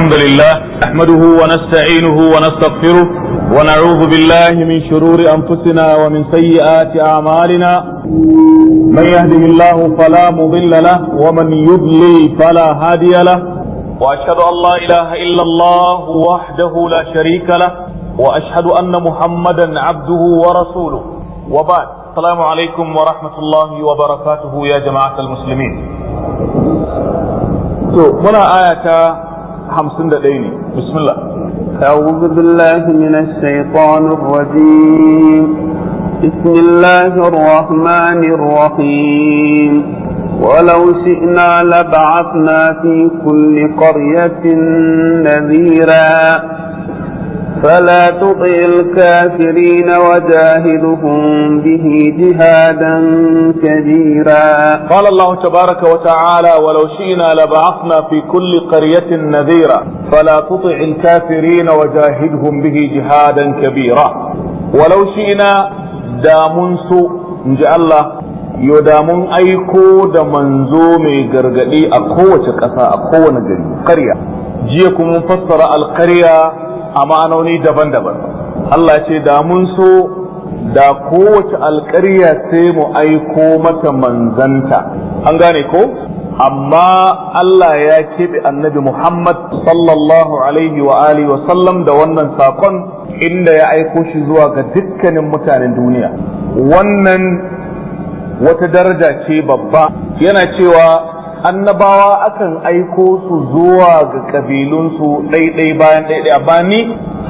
الحمد لله نحمده ونستعينه ونستغفره ونعوذ بالله من شرور انفسنا ومن سيئات اعمالنا من يهده الله فلا مضل له ومن يضلل فلا هادي له واشهد ان لا اله الا الله وحده لا شريك له واشهد ان محمدا عبده ورسوله وبعد السلام عليكم ورحمه الله وبركاته يا جماعه المسلمين So, muna aya ta hamsin da ɗaya الله bismillah أعوذ بالله من الشيطان الرجيم بسم الله الرحمن الرحيم ولو شئنا لبعثنا في كل قرية نذيرا فلا تطع الكافرين وجاهدهم به جهادا كبيرا قال الله تبارك وتعالى ولو شئنا لبعثنا في كل قرية نذيرا فلا تطع الكافرين وجاهدهم به جهادا كبيرا ولو شئنا دامنسو إن شاء الله يدامون ايكو mun قرقلي da manzo mai gargaɗi قرية جيكم ƙasa القرية a ma'anoni daban-daban Allah ce da mun so da kowace alƙarya sai mu aiko mata manzanta an gane ko amma Allah ya keɓe annabi Muhammad sallallahu alaihi wa alihi wa sallam da wannan sakon inda ya aiko shi zuwa ga dukkanin mutanen duniya wannan wata daraja ce babba yana cewa annabawa akan aiko su zuwa ga kabilunsu ɗaiɗai bayan ɗaiɗai amma ni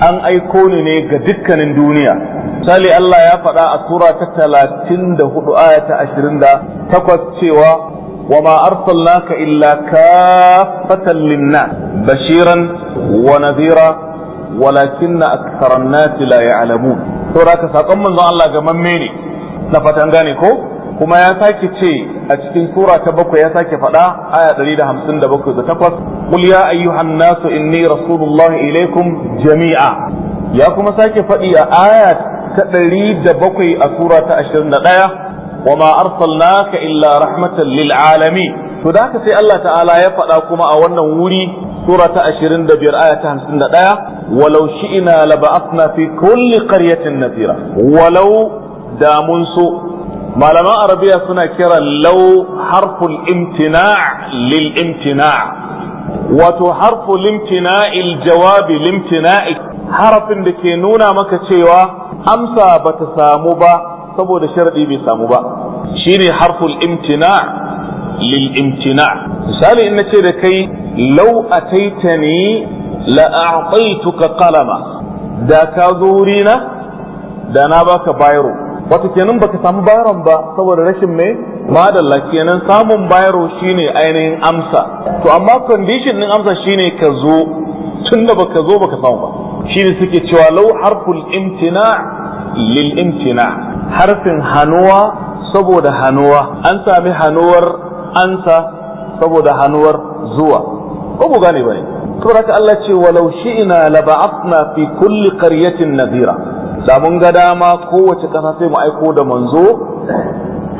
an aiko ni ne ga dukkanin duniya misali Allah ya faɗa a tura ta talatin da hudu aya ashirin da takwas cewa wa ma arsalnaka illa kafatan linna bashiran wa nadhira walakinna aktharan nasi la ya'lamun saboda ka sakon manzon Allah ga mamme ne na fatan gane ko kuma ya sake ce a cikin sura ta bakwai ya sake faɗa aya ɗari da hamsin da bakwai da takwas qul ya ayyuhan nasu inni rasulullahi ilaikum jami'a ya kuma sake faɗi a aya ta ɗari da bakwai a sura ta ashirin da ɗaya wa ma arsalnaka illa rahmatan lil alamin to da haka sai Allah ta'ala ya faɗa kuma a wannan wuri sura ta ashirin da biyar aya ta hamsin da ɗaya. همسين دايا ولو شئنا لبعثنا في كل قرية نذيرا ولو دامنسو malaman arabiya suna kira lau harful imtina' lil imtina' wato harful il jawabi limtina'i harafin da ke nuna maka cewa amsa bata samu ba saboda sharadi bai samu ba shine harful imtina' kai. Lau ان تركي لو اتيتني Da ka دا da na baka بايرو wato kenan baka samu bayaron ba saboda rashin mai madalla kenan samun bayaro shine ainihin amsa to amma condition din amsa shine ka zo tunda baka zo baka samu ba shine suke cewa law harful imtina lil imtina harfin hanuwa saboda hanuwa an sami hanuwar ansa saboda hanuwar zuwa ko ku gane bane saboda Allah ce walau shi'na laba'athna fi kulli qaryatin nadira da mun ga dama kowace ƙasa sai mu aiko da manzo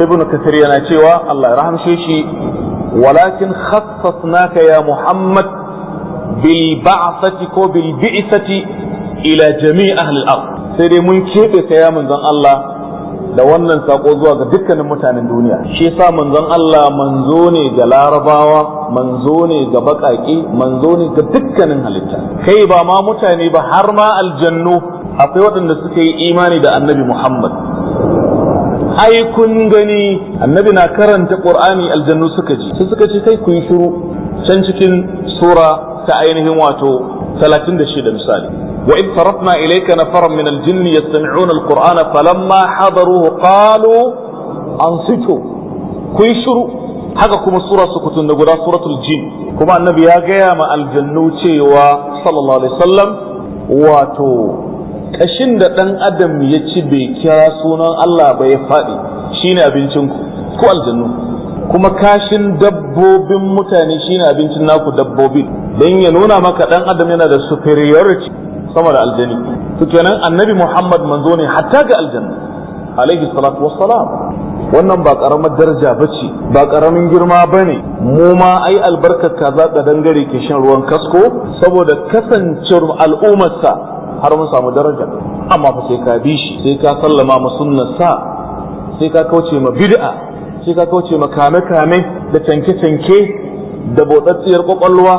ibnu kasir yana cewa Allah ya rahamshe shi walakin khassasnaka ya muhammad bil ba'sati ko bil bi'sati ila jami' ahli al-ard sai dai mun kebe ka ya manzon Allah da wannan sako zuwa ga dukkanin mutanen duniya shi yasa manzon Allah manzo ne ga larabawa manzo ne ga baƙaƙe manzo ne ga dukkanin halitta kai ba ma mutane ba har ma aljannu akwai waɗanda suka yi imani da annabi Muhammad ai kun gani annabi na karanta qur'ani aljannu suka ji sai suka ce kai ku yi shiru can cikin sura ta ainihin wato talatin da shida misali wa id farafna ilayka nafaran min aljinn yastami'una alqur'ana falamma hadaruhu qalu ansitu ku yi shiru haka kuma sura sukutun da guda suratul jin kuma annabi ya gaya ma aljannu cewa sallallahu alaihi wasallam wato kashin da ɗan adam ya ci bai kira sunan Allah ba ya faɗi shine abincinku ko aljannu kuma kashin dabbobin mutane shine abincin naku dabbobin Dan ya nuna maka ɗan adam yana da superiority sama da aljani to kenan annabi Muhammad manzo ne hatta ga aljanna alaihi salatu wassalam wannan ba karamar daraja bace ba karamin girma bane mu ma ai albarkar kaza da dangare ke shan ruwan kasko saboda kasancewar al'ummarsa har mun samu daraja amma fa sai ka bi shi sai ka sallama ma sunnarsa sai ka kauce ma bid'a sai ka kauce ma kame-kame da canke-canke da botsatsiyar kwakwalwa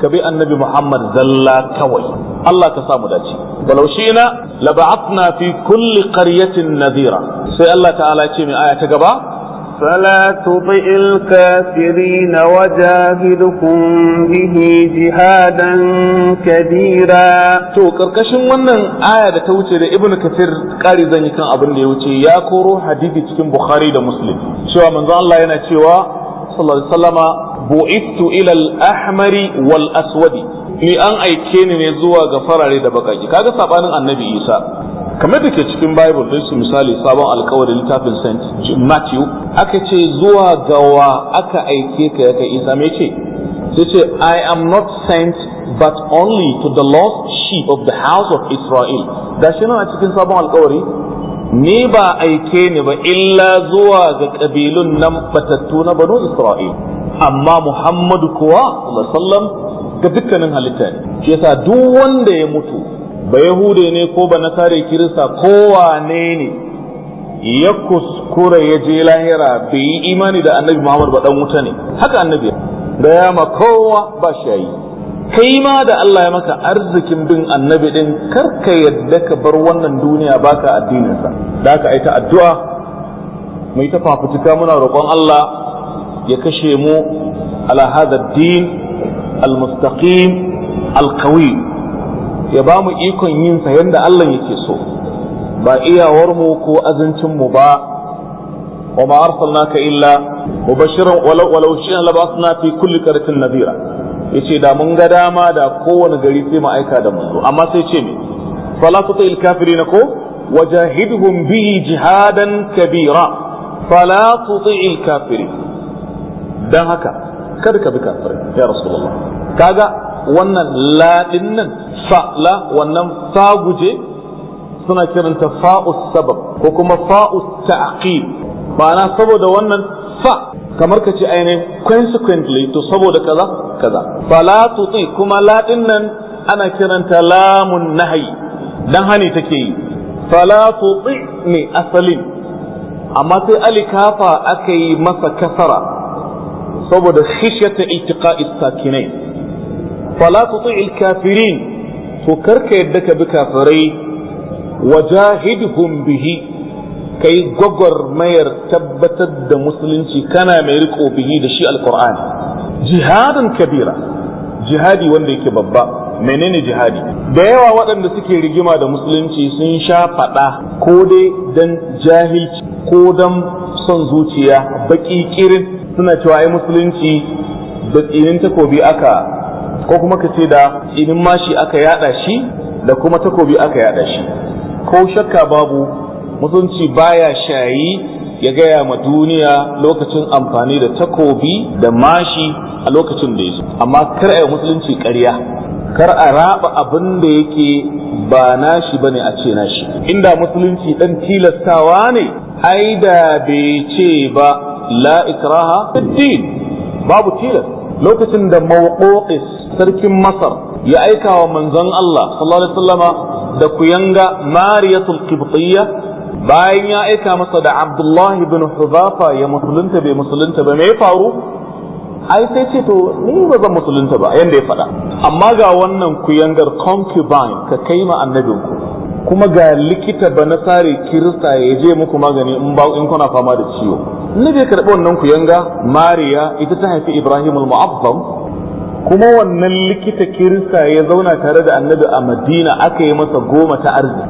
ka bi annabi Muhammad zalla kawai Allah ka samu dace walau shina laba'atna fi kulli qaryatin nadira sai Allah ta'ala ce mai aya ta gaba فلا تطع الكافرين وجاهدكم به جهادا كبيرا to karkashin wannan aya da ta wuce da ibnu kafir kari zan yi kan abin da ya wuce ya koro hadisi cikin bukhari da muslim cewa manzo Allah yana cewa sallallahu alaihi wasallama bu'ittu ahmari wal aswadi ni an aike ni ne zuwa ga farare da Ka ga saɓanin annabi Isa kamar da ke cikin bible din su misali sabon alkawarin littafin saint matthew aka ce zuwa gawa aka aike ka ya kai isa mai ce sai ce i am not sent but only to the lost sheep of the house of israel da shi nan a cikin sabon alkawari ni ba aike ni ba illa zuwa ga kabilun nan batattu na banu isra'il amma muhammadu kuwa sallallahu ga dukkanin halitta shi yasa duk wanda ya mutu ba yahude ne ko ba nasare kirista kowane ne ya kuskura ya je lahira bai yi imani da annabi muhammad ba dan wuta ne haka annabi gaya ma kowa ba shayi kai ma da Allah ya maka arzikin bin annabi din karka yadda ka bar wannan duniya baka addininsa da aka aita addu'a mai ta fafutuka muna roƙon Allah ya kashe mu ala hadha din al-mustaqim al-qawim ya ba mu ikon yin sa yadda Allah yake so ba iyawar mu ko azincin mu ba wa ma arsalnaka illa mubashiran walau walau shi suna fi kulli qaryatin nadira yace da mun ga dama da kowane gari sai mu aika da manzo amma sai ce me fala tutil kafirin ko wajahidhum bihi jihadan kabira fala tutil kafirin dan haka kada ka bi kafirai ya rasulullah kaga wannan ladin nan fa'la wannan ta guje suna kiranta fa'us sabab ko kuma fa'us ta'qib ma'ana saboda wannan fa kamar ka ce ainihin consequently to saboda kaza kaza fala tuti kuma la nan ana kiranta lamun nahyi dan hani take yi fala tuti ne asalin amma sai alikafa aka yi masa kasara saboda khishiyata itiqa'i sakinai fala tuti al kafirin to karka yadda ka bi kafirai wajahidhum bihi kai gwagwarmayar tabbatar da musulunci kana mai riko bihi da shi alkur'ani jihadin kabira jihadi wanda yake babba menene jihadi da yawa waɗanda suke rigima da musulunci sun sha faɗa ko dai dan jahilci ko don son zuciya baki kirin suna cewa ai musulunci da tsinin takobi aka ko kuma ka ce da inin mashi aka yada shi da kuma takobi aka yada shi ko shakka babu musulunci baya shayi ya gaya ma duniya lokacin amfani da takobi da mashi a lokacin da ya zo amma kar a yi musulunci ƙarya kar a raba abin da yake ba nashi bane a ce nashi inda musulunci dan tilastawa ne ai da bai ce ba la ikraha din babu tilas lokacin da mawqoqis sarkin masar ya aika wa manzon Allah sallallahu alaihi da kuyanga mariyatul qibtiyya bayan ya aika masa da abdullah ibn huzafa ya musulunta bai musulunta ba me faru ai sai ce to ni ba zan musulunta ba yanda ya faɗa amma ga wannan kuyangar concubine ka kai ma annabinku kuma ga likita ba na sare kirista ya je muku magani in ba in kuna fama da ciwo na bai karɓi wannan yanga mariya ita ta haifi ibrahim al-mu'azzam kuma wannan likita kirista ya zauna tare da annabi a madina aka yi masa goma ta arziki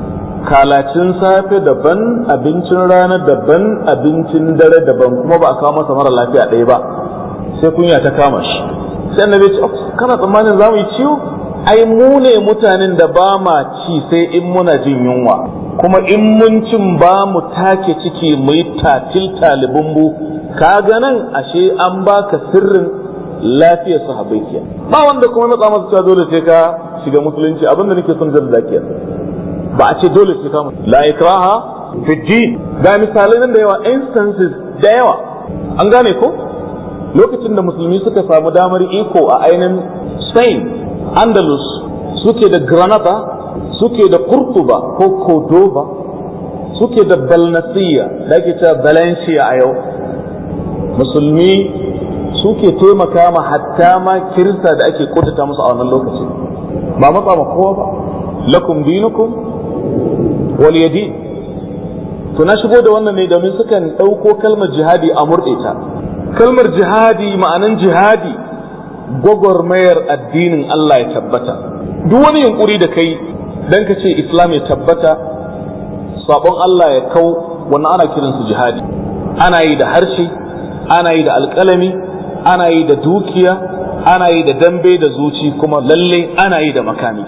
kalacin safe daban abincin rana daban abincin dare daban kuma ba a kawo masa mara lafiya ɗaya ba sai kunya ta kama shi sai annabi ya ce oh, kana tsammanin za mu yi ciwo ai mu ne mutanen da ba ma ci sai in muna jin yunwa kuma in mun cin ba mu take ciki mu yi tatil talibin mu kaga nan ashe an baka sirrin lafiyar sahabbai kiya ba wanda kuma na tsamar cewa dole sai ka shiga musulunci abinda nake son zan zakiya ba a ce dole sai ka la ikraha fi din ga misalai nan da yawa instances da yawa an gane ko lokacin da musulmi suka samu damar iko a ainihin spain andalus suke da granada suke da kurtuba ko cordova suke da balnasiya da ake cewa valencia a yau musulmi suke taimaka ma hatta ma kirista da ake kotata musu a wannan lokaci ba matsa ma kowa ba lakum dinukum waliyadi to na shigo da wannan ne domin sukan ɗauko kalmar jihadi a murdeta kalmar jihadi ma'anan jihadi gwagwarmayar addinin Allah ya tabbata duk wani yunkuri da kai dan ka ce islam ya tabbata sabon Allah ya kau wannan ana kiransu jihadi ana yi da harshe ana yi da alƙalami ana yi da dukiya ana yi da dambe da zuci kuma lalle ana yi da makami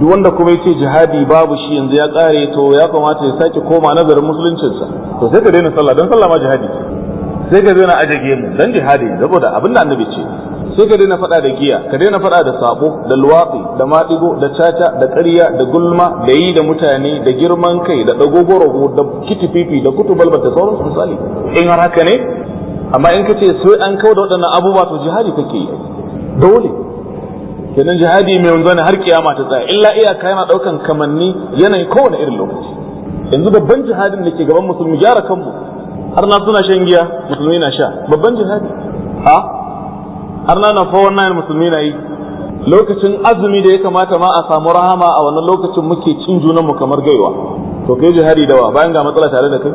duk wanda kuma yace jihadi babu shi yanzu ya kare to ya kamata ya sake koma nazarin musuluncinsa to sai ka daina sallah dan sallah ma jihadi sai ka daina aje mu, dan jihadi saboda abinda annabi ce sai ka daina faɗa da giya ka daina faɗa da sabo da luwafi da maɗigo da caca da ƙarya da gulma da yi da mutane da girman kai da ɗagogoro da kitififi da kutu kutubalbar da su misali in har haka ne amma in ka ce sai an kawo da waɗannan abubuwa to jihadi kake yi dole kenan jihadi mai wanzu har kiyama ta tsaya illa iyaka yana ɗaukan kamanni yanayin kowane irin lokaci yanzu babban jihadin da ke gaban musulmi gyara kanmu har na suna shan giya musulmi na sha babban jihadi ha har na na wannan musulmi na yi lokacin azumi da ya kamata ma a samu rahama a wannan lokacin muke cin junan mu kamar gaiwa to kai da dawa bayan ga matsala tare da kai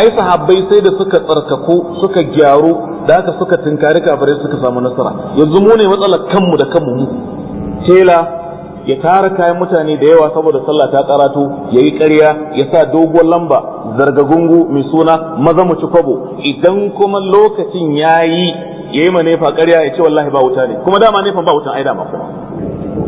ai sahabbai sai da suka tsarkaku suka gyaru da haka suka tinkari kafirai suka samu nasara yanzu mu ne matsalar kanmu da kanmu mu tela ya tara kayan mutane da yawa saboda sallah ta karatu ya yi ƙarya ya sa doguwar lamba zargagungu mai suna maza mu ci kwabo idan kuma lokacin ya yi yayi ma nefa ƙarya ya ce wallahi ba wuta ne kuma dama nefa ba wutan ai dama kuma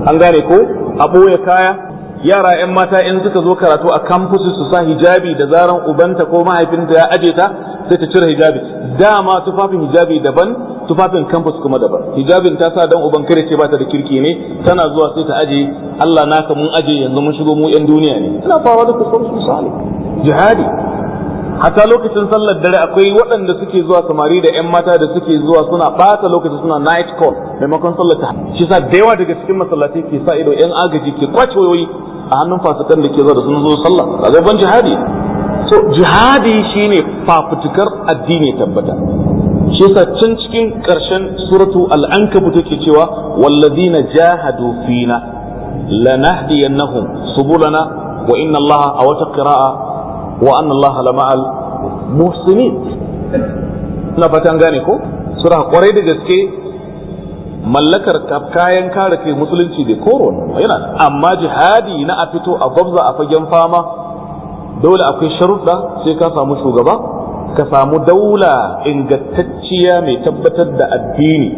an gane ko a ɓoye kaya yara 'yan mata in suka zo karatu a kamfusu su sa hijabi da zaran ubanta ko mahaifinta ya aje ta sai ta cire hijabi dama tufafin hijabi daban tufafin kamfus kuma daban hijabin ta sa dan uban kare ce bata da kirki ne tana zuwa sai ta aje Allah naka mun aje yanzu mun shigo mu 'yan duniya ne ina fara da kusan su jihadi hatta lokacin sallar dare akwai waɗanda suke zuwa samari da 'yan mata da suke zuwa suna ɓata lokaci suna night call maimakon sallar ta shi sa da yawa daga cikin masallatai ke sa ido 'yan agaji ke kwace wayoyi a hannun fasikan da ke zuwa da sun zo sallah kaga ban jihadi so jihadi shine fafutukar addini tabbata shi sa can cikin ƙarshen suratu al'ankabu take cewa walladina jahadu fina lanahdiyannahum subulana wa inna allaha a wata qira'a wa anna allaha la ma'al muhsinin ina fatan gane ko sura da gaske mallakar kayan kare kai musulunci da koron yana amma jihadi na a fito a gwabza a fagen fama dole akwai sharuɗa sai ka samu shugaba ka samu daula ingantacciya mai tabbatar da addini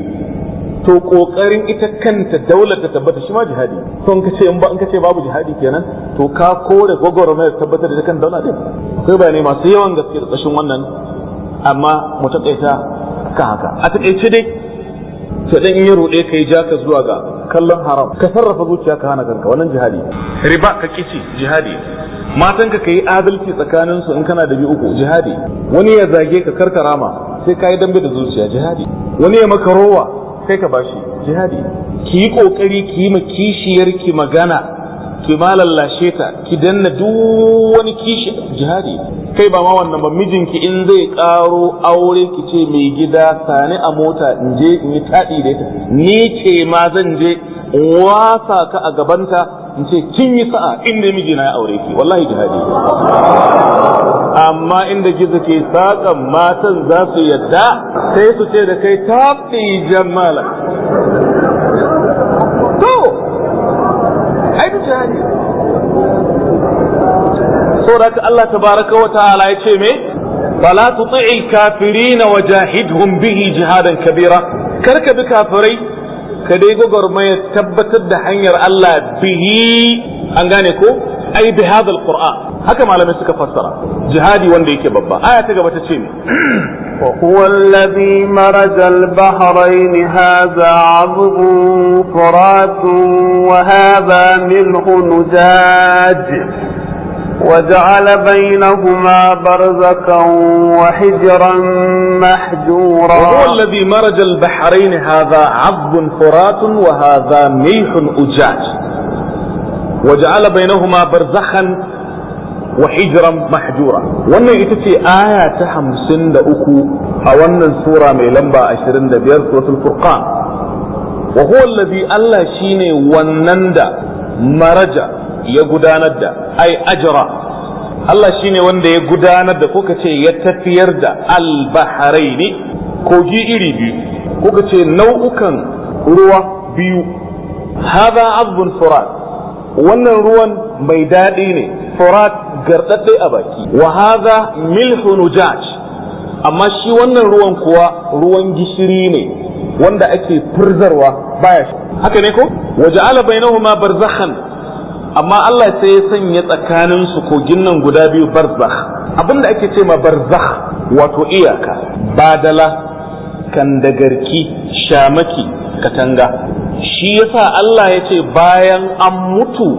to kokarin ita kanta daular ta tabbata shi ma jihadi to in kace in ba in kace babu jihadi kenan to ka kore gwagwarmayar tabbatar da kan daula din akwai bayanai masu yawan gaske da kashin wannan amma mu taƙaita ka haka a taƙaice dai to dan in ya rude kai ja ka zuwa ga kallon haram ka sarrafa zuciya ka hana kanka wannan jihadi riba ka kici jihadi Matan ka kai adalci tsakanin su in kana da biyu uku jihadi wani ya zage ka karkarama sai ka yi dambe da zuciya jihadi wani ya maka rowa Kai ka bashi jihadi ki yi kokari ki yi kishiyar ki magana ki ma ta ki danna duk wani kishi jihadi kai ba ma wannan ba mijinki in zai karo aure ki ce mai gida sani a mota in je in yi taɗi da ita ni ce ma zan je in wasa ka a gabanta in ce kin yi sa'a inda miji na ya aure ki wallahi jihadi amma inda gizo ke saƙan matan za su yadda sai su ce da kai taɓi jamala to ai da jihadi Allah Allah tabaraka wa ta'ala ya ce me fala tuti'il kafirin wa jahidhum bihi jihadan kabira karka bi kafirai ka dai gwagwarmaya tabbatar da hanyar Allah bihi an gane ko أي بهذا القرآن alquran haka malamai suka fassara jihadi wanda yake babba aya ta gaba وهو الذي مرج البحرين هذا عظم فرات وهذا ملح نجاج وجعل بينهما برزقا وحجرا محجورا وهو الذي مرج البحرين هذا عظم فرات وهذا ملح أجاج waje waja'ala bainahuma barzakhan wa hijran mahjura wannan ita ce aya ta hamsin da uku a wannan sura mai lamba ashirin da biyar suratul furqan wa huwa allazi Allah shine wannan da maraja ya gudanar da ai ajra Allah shi ne wanda ya gudanar da kuka ce ya tafiyar da albaharaini kogi iri biyu kuka ce nau'ukan ruwa biyu haza azbun furat wannan ruwan mai daɗi ne furat garɗaɗɗe a baki wa hadha milhun amma shi wannan ruwan kuwa ruwan gishiri ne wanda ake furzarwa baya haka ne ko waja'ala bainahuma barzakhan amma Allah sai ya sanya tsakanin su kogin nan guda biyu barzakh abinda ake ce ma barzakh wato iyaka badala kandagarki shamaki katanga shi yasa Allah ya ce bayan an mutu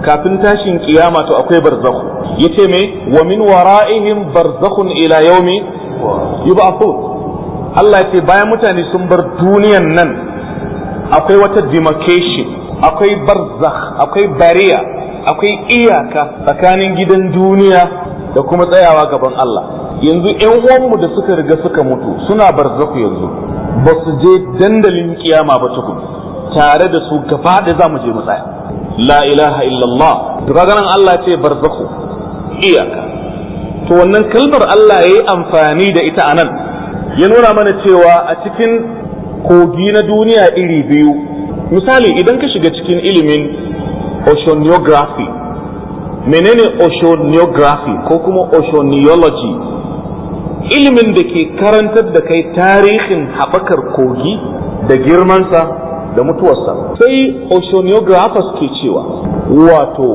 kafin tashin kiyama to akwai barzakhu yace me wa min wara'ihim barzakhun ila yaumi yub'athun Allah yace bayan mutane sun bar duniyan nan akwai wata demarcation akwai barzakh akwai bariya akwai iyaka tsakanin gidan duniya da kuma tsayawa gaban Allah yanzu ƴan uwanmu da suka riga suka mutu suna barzakhu yanzu ba su je dandalin kiyama ba tukun tare da su gaba da za mu je mu tsaya la ilaha illallah to kaga nan Allah ce barzakhu iyaka to wannan kalmar Allah yayi amfani da ita anan ya nuna mana cewa a cikin kogi na duniya iri biyu misali idan ka shiga cikin ilimin oceanography menene oceanography ko kuma oceanology ilimin da ke karantar da kai tarihin haɓakar kogi da girmansa da mutuwarsa sai oceanographers ke cewa wato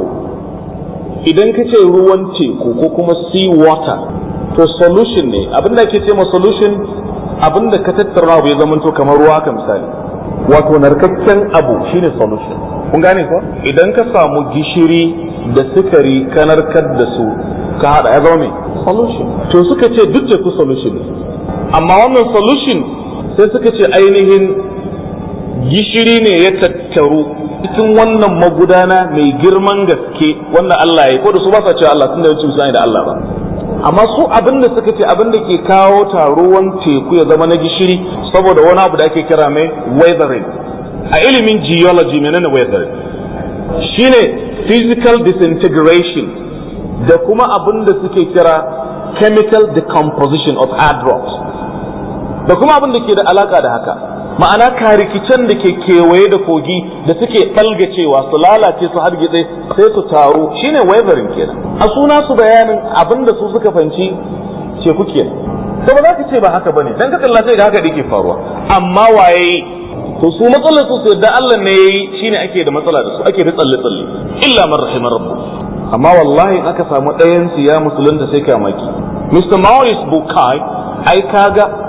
idan ka ce ruwan teku ko kuma sea water to solution ne abinda ke ce ma solution abinda ka tattara abu ya zamanto kamar ruwa ka misali wato narkakken abu shine solution kun gane ko idan ka samu gishiri da sukari ka narkar da su ka hada ya zama mai, solution to suka ce duk teku solution ne amma wannan solution sai suka ce ainihin gishiri ne ya tattaru cikin wannan magudana mai girman gaske wannan Allah ya ko da su ba sa cewa Allah tunda yawanci misali da Allah ba amma su abin da suka ce abin da ke kawo taruwan teku ya zama na gishiri saboda wani abu da ake kira mai weathering a ilimin geology menene weathering shine physical disintegration da kuma abin da suke kira chemical decomposition of hard rocks da kuma abin da ke da alaka da haka ma'ana karikicen da ke kewaye da kogi da suke ɓalgacewa su lalace su hargitse sai su taru shine wavering kenan a suna su bayanin abin da su suka fanci ce kuke to ba za ka ce ba haka bane dan ka kalla sai ga haka dake faruwa amma waye to su matsalar su da Allah ne yayi shine ake da matsala da su ake da tsalle tsalle illa man rahimar rabbu amma wallahi aka samu ɗayan siya ya musulunta sai kamaki Mr. Maurice Bukai ai kaga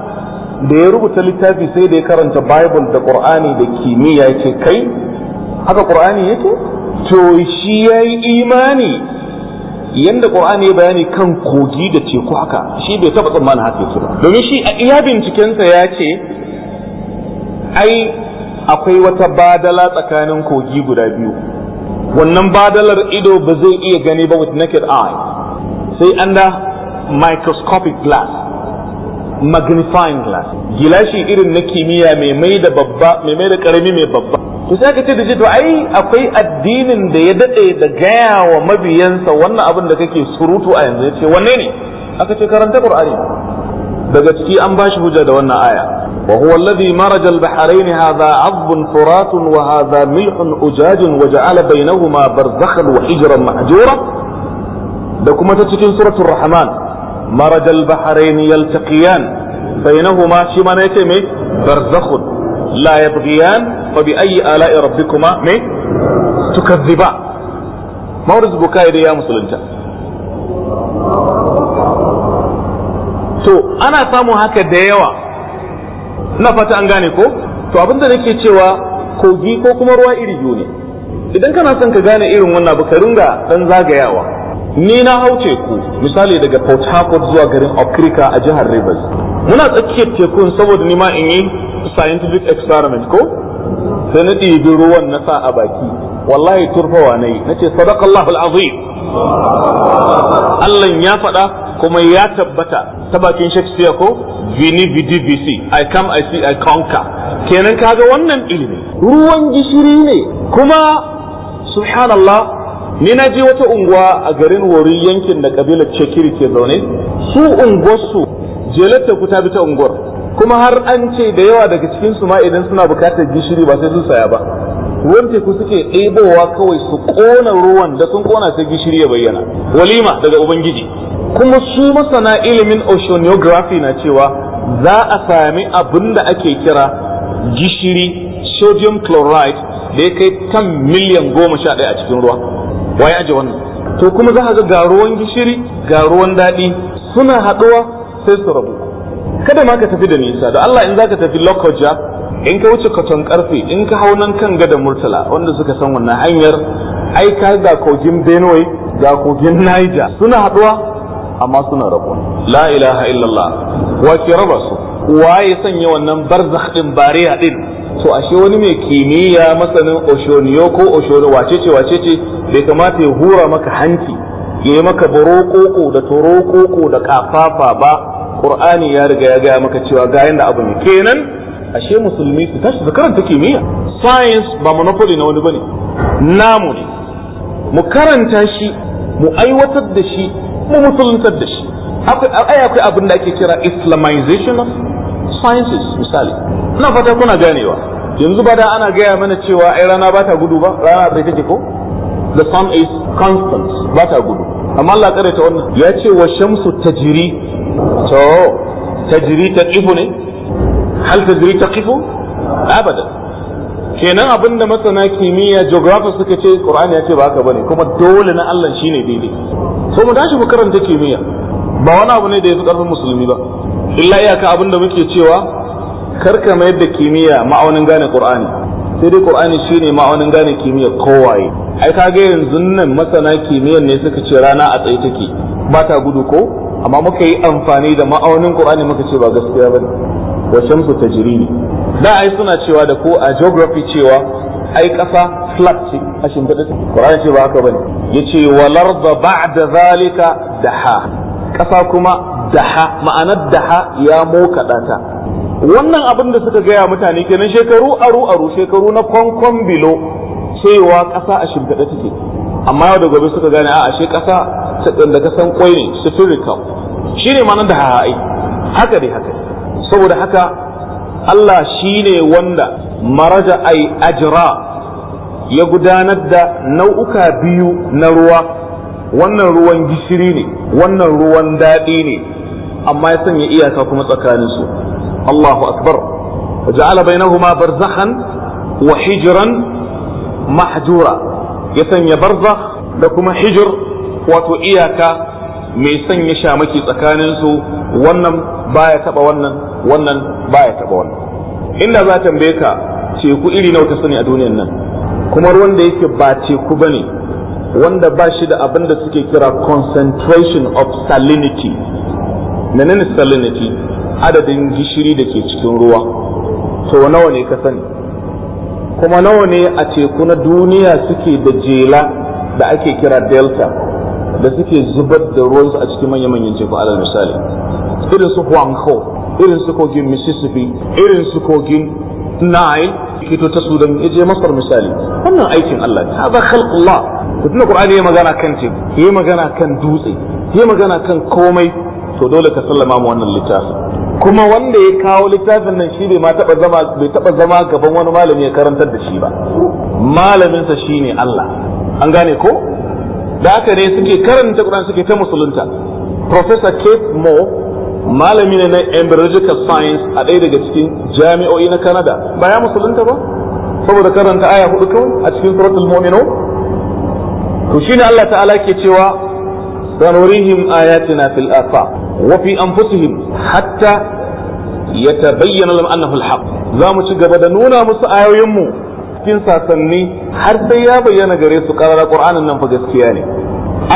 da ya rubuta littafi sai da ya karanta bible da qur'ani da kimiyya ya kai haka qur'ani yake to shi ya imani yanda qur'ani ya bayani kan kogi da teku haka shi bai taba tsammanin haka yake ba domin shi a iya bincikensa ya ce ai akwai wata badala tsakanin kogi guda biyu wannan badalar ido ba zai iya gani ba with naked eye sai anda microscopic glass magnifying glass gilashi irin na kimiyya mai mai da babba mai karami mai babba to sai da jito ai akwai addinin da ya daɗe da gaya wa mabiyansa wannan abin da kake surutu a yanzu yace wanne ne aka ce karanta qur'ani daga ciki an bashi hujja da wannan aya wa huwa alladhi maraja al-bahrayn hadha 'adbun furat wa hadha milhun ujaj na huma baynahuma barzakhan wa hijran da kuma ta cikin suratul rahman مرج البحرين يلتقيان بينهما شما نيتي مي برزخ لا يبغيان فبأي آلاء ربكما مي تكذبا مورد بكاي يا مسلمتا to ana samun haka da yawa na fata an gane ko to abinda nake cewa kogi ko kuma ruwa iri biyu ne idan kana son ka gane irin wannan abu ka ringa dan zagayawa ni na hau ku. misali daga Port Harcourt zuwa garin Afrika a jihar Rivers muna tsakiyar tekun saboda ni ma in yi scientific experiment ko sai na ɗibi ruwan na sa a baki wallahi turfawa na yi na ce sadakallahu al'azim Allah ya faɗa kuma ya tabbata ta bakin Shakespeare ko vini vidi visi I come I see I conquer kenan kaga wannan ilimi ruwan gishiri ne kuma subhanallah ni na ji wata unguwa a garin wori yankin da kabilar cekiri ke zaune su unguwarsu jelata ku ta bi ta unguwar kuma har an ce da yawa daga cikin su ma idan suna bukatar gishiri ba sai sun saya ba ruwan teku suke ɗebowa kawai su ƙona ruwan da sun ƙona sai gishiri ya bayyana walima daga ubangiji kuma su masana ilimin oceanography na cewa za a sami abin da ake kira gishiri sodium chloride da ya kai kan miliyan goma sha ɗaya a cikin ruwa wa ya wannan to kuma za ka ga garuwan gishiri ga ruwan daɗi suna haɗuwa sai su rabu kada ma ka tafi da nisa da Allah in za ka tafi Lokoja in ka wuce katon karfe in ka hau nan kan gadon Murtala wanda suka san wannan hanyar ai ka ga kogin Benue ga kogin Niger suna haɗuwa amma suna rabu la ilaha illallah wa ki raba su waye sanya wannan barzakh din bariya din so ashe wani mai kimiyya masanin oshoniyo ko ce wacece wacece bai kamata ya hura maka hanci ya yi maka barokoko da torokoko da kafafa ba Qur'ani ya riga ya gaya maka cewa ga yanda abu ne kenan ashe musulmi su tashi su karanta kimiyya science ba monopoly na wani bane namu ne mu karanta shi mu aiwatar da shi mu musulunta da shi akwai akwai abin da ake kira islamization sciences misali ina fata kuna ganewa yanzu ba da ana gaya mana cewa ai rana ba ta gudu ba rana bai take ko the sun is constant ba ta gudu amma Allah kare ta wannan ya ce wa shamsu tajri to tajri kifu ne hal tajri taqifu abada kenan abinda da masana kimiyya geographer suka ce qur'ani ya ce ba haka bane kuma dole na Allah shine daidai so mu dashi mu karanta kimiyya ba wani abu ne da ya fi karfin musulmi ba illa iyaka abin da muke cewa karka mayar da kimiyya ma'aunin gane qur'ani sai dai qur'ani shine ma'aunin gane kimiyya kowaye ai kaga yanzu nan masana kimiyyar ne suka ce rana a tsaye take ba ta gudu ko amma muka yi amfani da ma'aunin qur'ani muka ce ba gaskiya bane wa shamsu tajri da ai suna cewa da ko a geography cewa ai kasa flat ce a shimfiɗa qur'ani ce ba haka bane yace walarda da ba'da zalika daha ƙasa kuma daha ma'anar daha ya mokaɗa ta wannan abin da suka gaya mutane kenan shekaru aru aru shekaru na kwankwan bilo cewa ƙasa a shimfiɗa take amma yau da gobe suka gane a ashe ƙasa da ka san kwai ne spherical ne ma'anar da ha'ai haka dai haka saboda haka Allah shine wanda maraja ai ajra ya gudanar da nau'uka biyu na ruwa wannan ruwan gishiri ne wannan ruwan daɗi ne amma ya sanya iyaka kuma tsakanin su Allahu akbar ja'ala bainahuma barzakhan wa hijran mahjura ya sanya barzakh da kuma hijr wato iyaka mai sanya shamaki tsakanin su wannan baya taba wannan wannan baya taba wannan inda za tambaye ka teku iri nawa sani a duniyar nan kuma ruwan da yake ba teku bane wanda ba shi da abin da suke kira concentration of salinity menene salinity adadin gishiri da ke cikin ruwa to nawa ne ka sani kuma nawa ne a teku na duniya suke da jela da ake kira delta da suke zubar da ruwansu a cikin manya-manyan teku alal misali irin su huangho irin su kogin mississippi irin su kogin nile to ta sudan ya je masar misali wannan aikin allah ta za khalqullah to tunda qur'ani yayi magana kan teku yayi magana kan dutse yayi magana kan komai to dole ka sallama mu wannan littafin kuma wanda ya kawo littafin nan shi bai ma taba zama bai taba zama gaban wani malami ya karantar da shi ba malamin sa shine Allah an gane ko da aka ne suke karanta Qur'an suke ta musulunta professor Kate Moore malami ne na embryological science a ɗaya daga cikin jami'o'i na Canada ba ya musulunta ba saboda karanta aya hudu kawai a cikin suratul mu'minun to shine Allah ta'ala ke cewa sanurihim ayatina fil afaq wa fi anfusihim hatta yatabayyana lahum annahu al-haq za mu ci gaba da nuna musu ayoyin mu cikin sasanni har sai ya bayyana gare su karara qur'anin nan fa gaskiya ne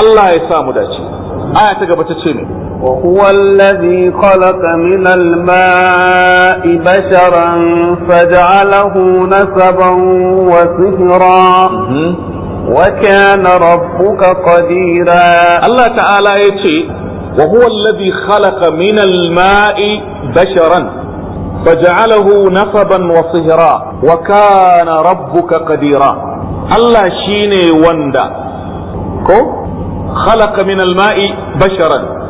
Allah ya sa mu dace aya ta gaba ta ce ne وهو الذي خلق من الماء بشرا فجعله نسبا وسهرا وكان ربك قديرا الله تعالى يتي وهو الذي خلق من الماء بشرا فجعله نصبا وصهرا وكان ربك قديرا الله شيني وندا كو خلق من الماء بشرا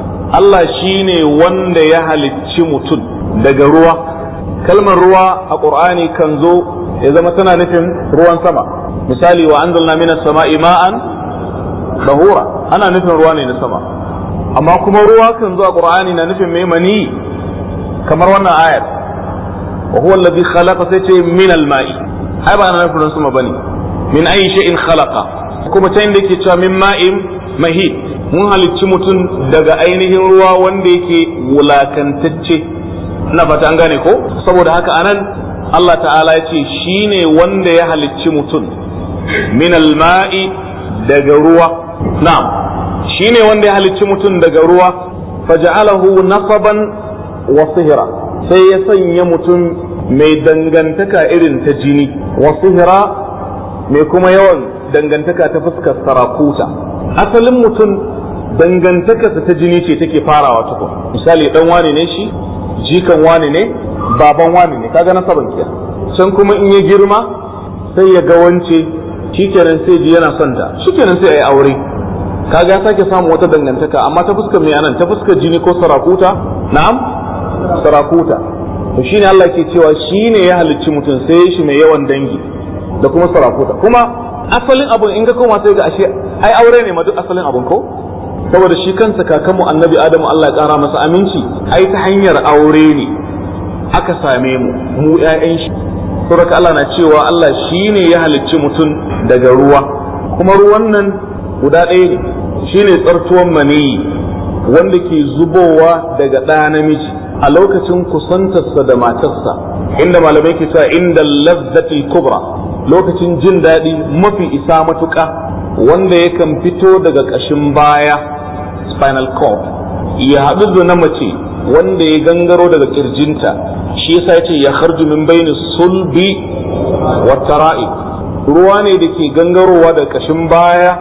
Allah shi ne wanda ya halicci mutum daga ruwa, kalmar ruwa a ƙur'ani kan zo ya zama tana nufin ruwan sama, misali wa anzalna minas sama'i ma'an dahura ana nufin ruwa ne na sama amma kuma ruwa kan zuwa qur'ani na nufin maimani, kamar wannan ayat wa huwa alladhi khalaqa sai ce min al-ma'i ai ba ana nufin sama bane min ayi shay'in khalaqa kuma ta inda yake cewa min ma'in mun halicci mutum daga ainihin ruwa wanda yake wulakantacce ina fata an gane ko saboda haka anan Allah ta'ala ya ce shi ne wanda ya halicci mutum min alma'i daga ruwa na'am shine wanda ya halicci mutum daga ruwa faj'alahu nasaban wa sihra sai ya sanya mutum mai dangantaka irin ta jini wa sihra mai kuma yawan dangantaka ta fuskar sarakuta asalin mutum dangantakarsa ta jini ce take farawa tukun misali dan wani ne shi jikan wani ne baban wani ne kaga nasaban kiya can kuma in ya girma sai ya ga wance shikenan sai ji yana son ta shikenan sai yi aure kaga ya sake samu wata dangantaka amma ta fuskar me anan ta fuskar jini ko sarakuta na'am sarakuta to shine Allah ke cewa shine ya halicci mutum sai shi mai yawan dangi da kuma sarakuta kuma asalin abun in ka koma sai ga ashe ai aure ne ma duk asalin abun ko saboda shi kansa kakanmu annabi adamu Allah ya kara masa aminci ai ta hanyar aure ne aka same mu mu 'ya'yan shi saboda Allah na cewa Allah shi ne ya halicci mutum daga ruwa kuma ruwan nan guda ɗaya ne shine tsartuwan maniyi wanda ke zubowa daga ɗa namiji a lokacin kusantarsa da matarsa inda malamai ke cewa inda lazzati kubra lokacin jin daɗi mafi isa matuƙa wanda yakan fito daga ƙashin baya spinal cord ya haɗu da na mace wanda ya gangaro daga kirjinta shi yasa ce ya harju min baini sulbi wa tara'i ruwa ne da ke gangarowa da kashin baya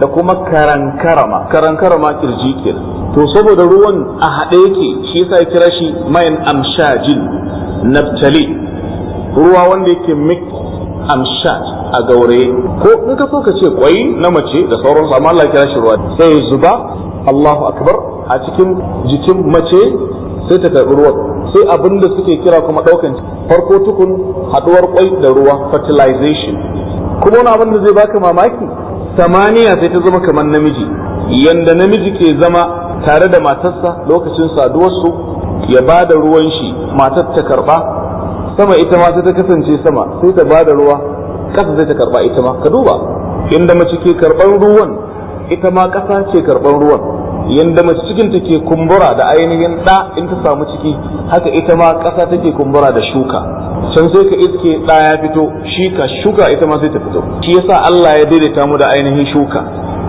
da kuma karankarama karankarama kirji ke to saboda ruwan a haɗe yake shi yasa ya kira shi mayan amshajin naftali ruwa wanda yake mix amshaj a gaure ko in ka so ka ce kwai na mace da sauransu amma Allah ya kira shi ruwa sai zuba Allahu akbar a cikin jikin mace sai ta karɓi ruwan sai abin da suke kira kuma ɗaukan farko tukun haɗuwar kwai da ruwa fertilization kuma wani abin da zai baka mamaki samaniya sai ta zama kamar namiji yanda namiji ke zama tare da matarsa lokacin saduwarsu ya ba da ruwan shi matar ta karɓa sama ita ma sai ta kasance sama sai ta ba da ruwa ƙasa sai ta karɓa ita ma ka duba inda mace ke karɓar ruwan ita ma ƙasa ce karɓar ruwan yanda mace cikin take kumbura da ainihin ɗa in ta samu ciki haka ita ma ƙasa take kumbura da shuka can sai ka iske da ya fito shi ka shuka ita ma sai ta fito shi yasa Allah ya daidaita mu da ainihin shuka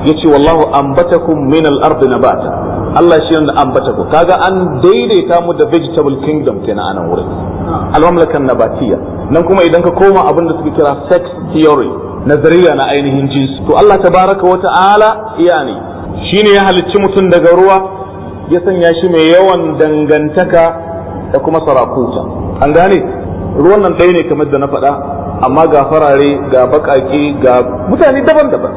yace wallahu ambatakum min al-ardi nabata Allah shi yanda ambata kaga an daidaita mu da vegetable kingdom kenan anan wurin al-mamlakan nabatiya nan kuma idan ka koma abin da suke kira sex theory nazariya na ainihin jinsi to Allah tabaraka wa ta'ala iya ne shine ya halicci mutum daga ruwa ya sanya shi mai yawan dangantaka da kuma sarakuta an gane ruwan nan ɗaya ne kamar da na faɗa amma ga farare ga baƙaƙe ga mutane daban-daban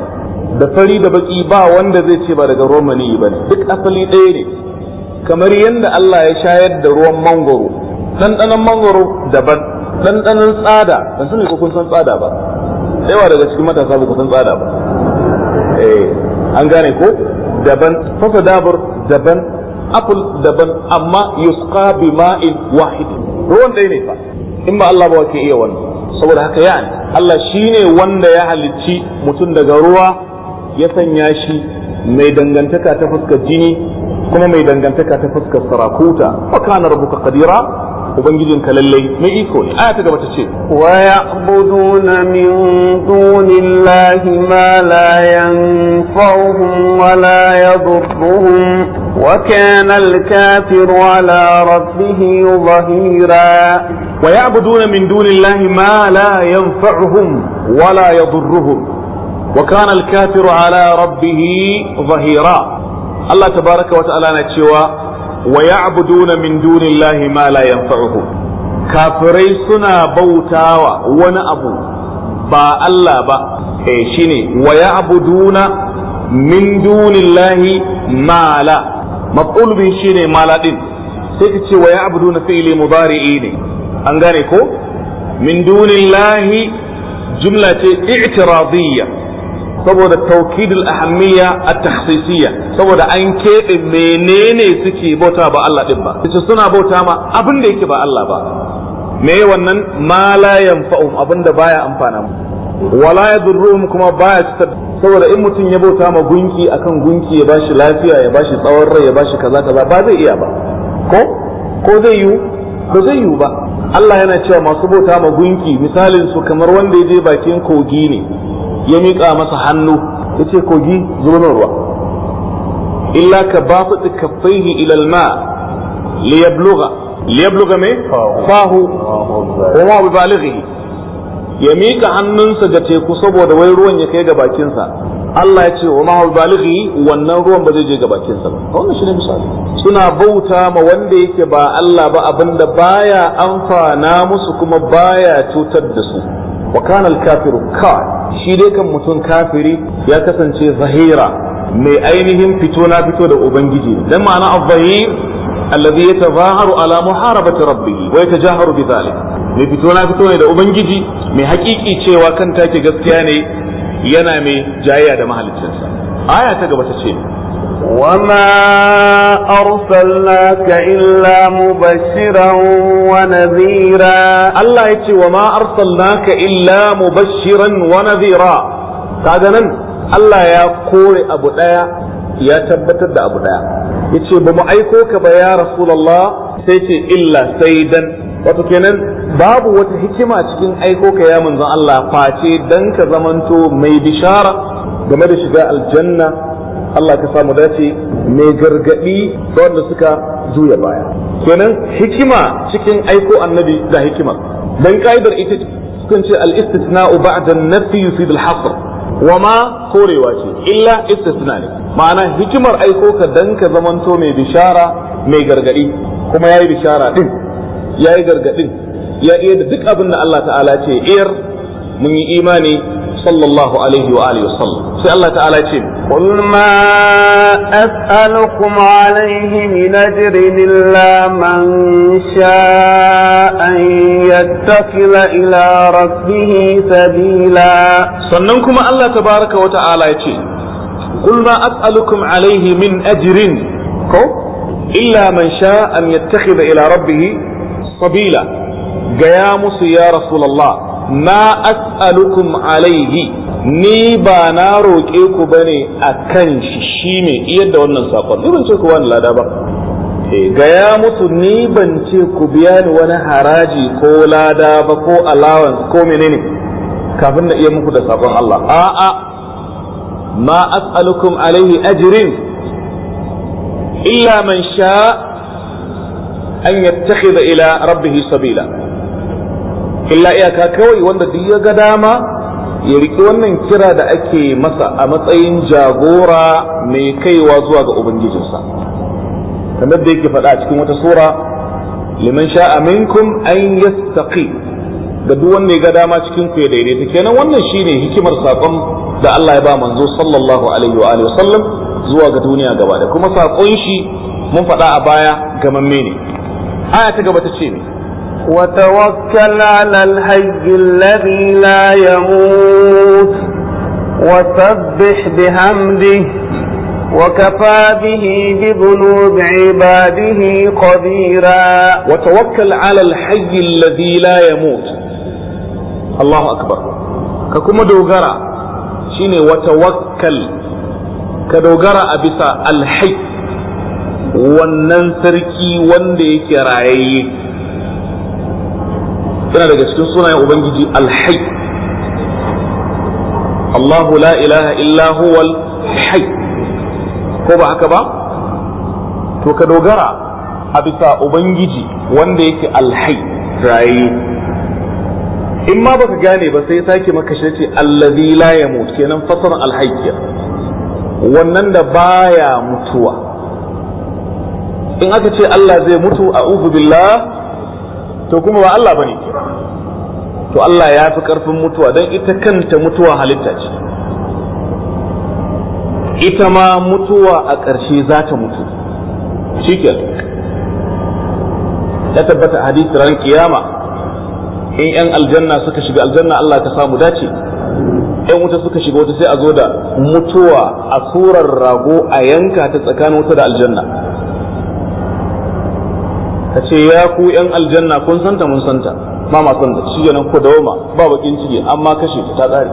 da fari da baƙi ba wanda zai ce ba daga ruwan maniyi ba ne duk asali ɗaya ne kamar yadda Allah ya shayar da ruwan mangoro ɗanɗanon mangoro daban ɗanɗanon tsada ban sani ko kun san tsada ba yawa daga cikin matasa ba ku san tsada ba eh an gane ko daban dabur daban apple daban amma yusqa bi ma'in wahid ruwan dai ne fa in ba Allah ba iya wannan saboda haka yani Allah shine wanda ya halicci mutum daga ruwa ya sanya shi mai dangantaka ta fuskar jini kuma mai dangantaka ta fuskar sarakuta fa kana rabbuka qadira ubangijin ka lalle mai iko ne aya ta gaba ta ce wa ya'buduna min dunillahi ma la yanfa'uhum wa la yadurruhum wa kana al-kafiru ala rabbihi zahira wa ya'buduna min dunillahi ma la yanfa'uhum wa la yadurruhum wa kana al-kafiru ala rabbih zahira Allah tabaraka wa ta'ala na cewa wa ya'buduna min dunillahi ma la yanfa'uhu kafirai suna bautawa wani abu ba Allah ba E shine wa ya'buduna min dunillahi ma la maf'ul bi shine ma la sai ka ce wa ya'buduna fi'li mudari'i ne an gane ko min jumla saboda tawkidul ahammiya at-takhsisiyya saboda an keɓe menene suke bauta ba Allah din ba su suna bauta ma abin da yake ba Allah ba me wannan ma la yanfa'um abin da baya amfana mu wala yadurruhum kuma baya cutar saboda in mutum ya bauta ma gunki akan gunki ya bashi lafiya ya bashi tsawon rai ya bashi kaza kaza ba zai iya ba ko ko zai yiwu ba zai yiwu ba Allah yana cewa masu bauta ma gunki misalin su kamar wanda ya je bakin kogi ne ya miƙa masa hannu ya ce kogi zubanin ruwa illa ka ba su kaffaihi ilal ma liyabluga liyabluga me fahu wa ma balighi ya miƙa hannunsa ga teku saboda wai ruwan ya kai ga bakinsa Allah ya ce wa ma balighi wannan ruwan ba zai je ga bakinsa ba wannan shine misali suna bauta ma wanda yake ba Allah ba abinda baya amfana musu kuma baya cutar da su wa kana al-kafiru ka shi dai kan mutum kafiri ya kasance zahira mai ainihin fito na fito da ubangiji dan ma'ana az-zahir alladhi yatazaharu ala muharabati rabbih wa yatajaharu bi mai fito na fito ne da ubangiji mai hakiki cewa kan take gaskiya ne yana mai jayayya da mahaliccinsa aya ta gaba ta ce وما أرسلناك إلا مبشرا ونذيرا الله يتي وما أرسلناك إلا مبشرا ونذيرا كذا الله يا كوري أبو دايا يا تبتد أبو دايا يتي بمعيكوك يا رسول الله سيتي إلا سيدا وتكينن babu wata hikima cikin aiko ka ya manzon Allah face dan ka zamanto mai bishara game da shiga aljanna Allah ka samu dace mai gargadi ga wanda suka juya baya kenan hikima cikin aiko annabi da hikima dan ka'idar ita sukan ce al-istisna'u ba'da an-nafi yufid al-hasr wa ma korewa ce illa istisna ne ma'ana hikimar aiko ka dan ka zamanto mai bishara mai gargadi kuma yayi bishara din yayi gargadin ya iya da duk abin da Allah ta'ala ce iyar mun yi imani sallallahu alaihi wa alihi sai Allah ta'ala ce qul ma as'alukum alayhi min ajrin illa man sha'a an ila rabbih sabila sannan kuma Allah tabaraka wa ta'ala ya ce qul ma as'alukum alayhi min ajrin ko illa man sha'a an ila rabbih sabila gaya musu ya rasulullah ma as'alukum alayhi ni ba na roƙe ku bane akan shi ne iya da wannan saƙon. ni ban ce ku wani lada ba eh, gaya musu ni ban ce ku biya ni wani haraji ko lada ba ko allowance ko menene kafin na iya muku da saƙon Allah a'a ma as'alukum alaihi ajrin illa man sha an yattakhidha ila rabbihi sabila illa iyaka kawai wanda duk ya ga dama ya riƙi wannan kira da ake masa a matsayin jagora mai kaiwa zuwa ga ubangijinsa kamar da yake faɗa a cikin wata sura liman sha'a minkum an yastaqi ga duk wanda ga dama cikin ku ya daidaita kenan wannan shine hikimar sakon da Allah ya ba manzo sallallahu alaihi wa alihi wasallam zuwa ga duniya gaba da kuma sakon shi mun faɗa a baya mamme ne aya ta gaba ta ce ne وتوكل على الحي الذي لا يموت وسبح بحمده وكفى به بذنوب عباده قديرا وتوكل على الحي الذي لا يموت الله أكبر ككما دوغرا شيني وتوكل كدوغرا ابيسا الحي ونن سركي wanda yake yana daga cikin sunayen ubangiji alhai Allahu la ilaha illa huwal hayy ko ba haka ba to ka dogara a bisa ubangiji wanda yake alhai raye in ma baka gane ba sai sake maka shi ce allazi la yamut kenan fasar alhayya wannan da baya mutuwa in aka ce Allah zai mutu a billah to kuma ba Allah bane kira to Allah ya fi karfin mutuwa don ita kanta mutuwa halitta ce ita ma mutuwa a ƙarshe za ta mutu ke ya tabbata a hadisi ran kiyama in yan aljanna suka shiga aljanna Allah ta samu dace yan wuta suka shiga wata sai a zo da mutuwa a surar rago a yanka ta tsakanin wuta da aljanna ta ce ya ku yan aljanna kun santa mun santa ba ma son da shi kenan ko dawoma ba bakin ciki amma kashe ta tsare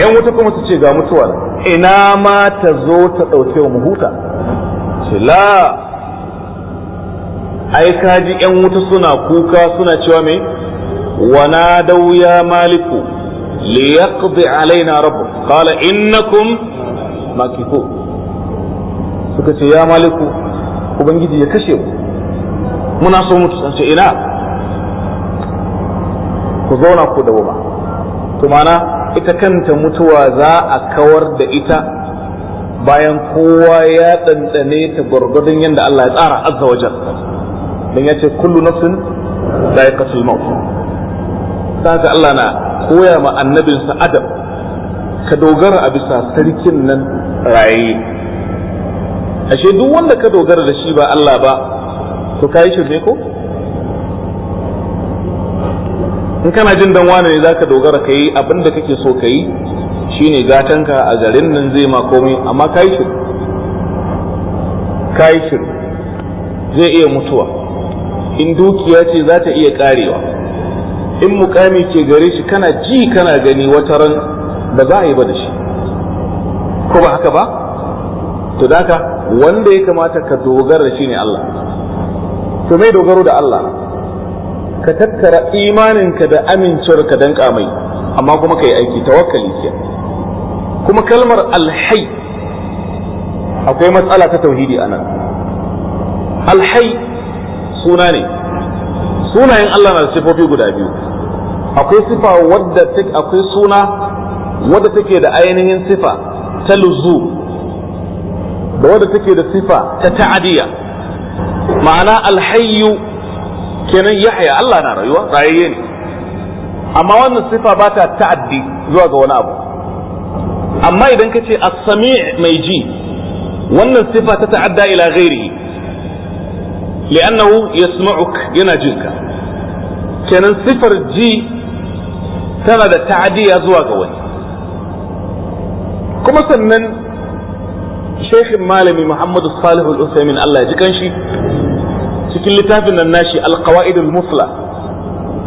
yan wuta kuma su ce ga mutuwa ina ma ta zo ta ɗauke wa huta ce la ai ji yan wuta suna kuka suna cewa me wana dau ya maliku yaqdi alaina rabb qala innakum makifu suka ce ya maliku ubangiji ya kashe mu muna so mutu sai ina ku zauna ku dawo ba to mana ita kanta mutuwa za a kawar da ita bayan kowa ya ɗanɗane ta gwargwadon yadda Allah ya tsara azza wajen don ya ce kullu nafsin za'iqatul maut saka Allah na koya ma annabinsa adam ka dogara a bisa sarkin nan raye ashe duk wanda ka dogara da shi ba Allah ba to kai ne ko in kana jin dan wane ne zaka dogara kai abin da kake so kai shine ka a garin nan zai ma komai amma kai shi kai shi zai iya mutuwa in dukiya ce za ta iya karewa in mukami ke gare shi kana ji kana gani wata ran ba za a yi ba da shi ko ba haka ba to daka wanda ya kamata ka dogara shi ne Allah to mai dogaro da Allah ka tattara imaninka da amincewar ka danka mai amma kuma ka yi aiki tawakkali ke kuma kalmar alhai akwai matsala ta tauhidi anan alhai suna ne sunayen Allah na sifofi guda biyu akwai sifa wadda akwai suna wadda take da ainihin sifa ta luzu da wadda take da sifa ta ta'adiyya ma'ana alhayyu kenan yahya Allah na rayuwa rayayye ne amma wannan sifa ba ta ta'addi zuwa ga wani abu amma idan ka ce as-sami' mai ji wannan sifa ta ta'adda ila ghairi li'annahu yasma'uk yana jinka kenan sifar ji tana da ta'adiya zuwa ga wani kuma sannan shekin malami Muhammadu Salihu al-Utsaimin Allah ya ji kanshi cikin littafin nan nashi alqawaidul musla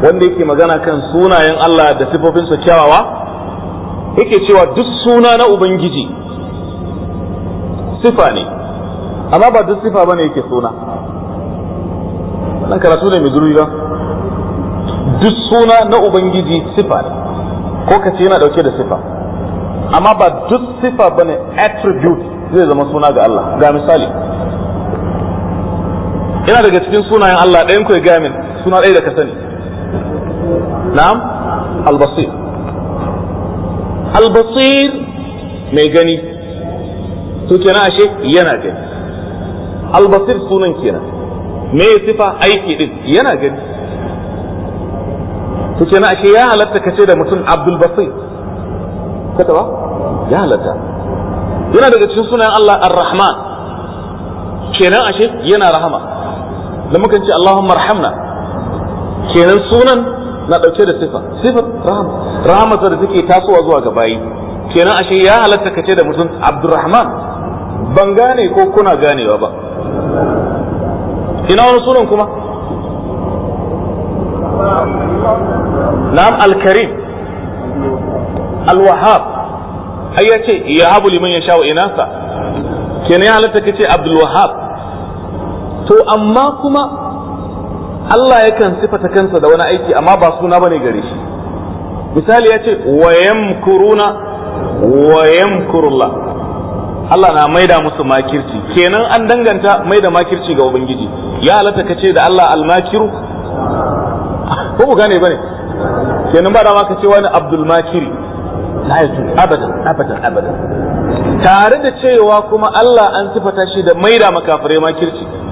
wanda yake magana kan sunayen Allah da sa kyawawa yake cewa duk suna na ubangiji sifa ne amma ba duk sifa bane yake suna nan karatu ne mai zurfi ba duk suna na ubangiji sifa ne ko ka ce yana dauke da sifa amma ba duk sifa bane attribute zai zama suna ga Allah ga misali yana daga cikin sunayen Allah ɗayan ku ya gaya min suna ɗaya da ka sani na'am albasir albasir mai gani to kenan ashe yana gani albasir sunan kenan me sifa aiki din yana gani to kenan ashe ya halatta kace da mutum abdul basir kata ba ya halatta yana daga cikin sunayen Allah ar-rahman kenan ashe yana rahama da mukan ce Allahumma rahamna kenan sunan na dauke da sifa sifar rahama rahama da take tasowa zuwa ga bayi kenan ashe ya halatta kace da mutum Abdurrahman ban gane ko kuna ganewa ba ina wani sunan kuma na'am al-karim al-wahhab ai yace ya habu liman yasha inasa kenan ya halatta kace Abdul Wahhab to amma kuma Allah yakan sifata kansa da wani aiki amma ba suna bane gare shi misali ya ce wayan kuruna wayan kurulla Allah na maida musu makirci kenan an danganta maida makirci ga ubangiji ya halatta ka ce da Allah almakiru ko ku gane bane kenan ba da ma ka ce wani abdul makiri la yatu abadan abadan abadan tare da cewa kuma Allah an sifata shi da maida makafire makirci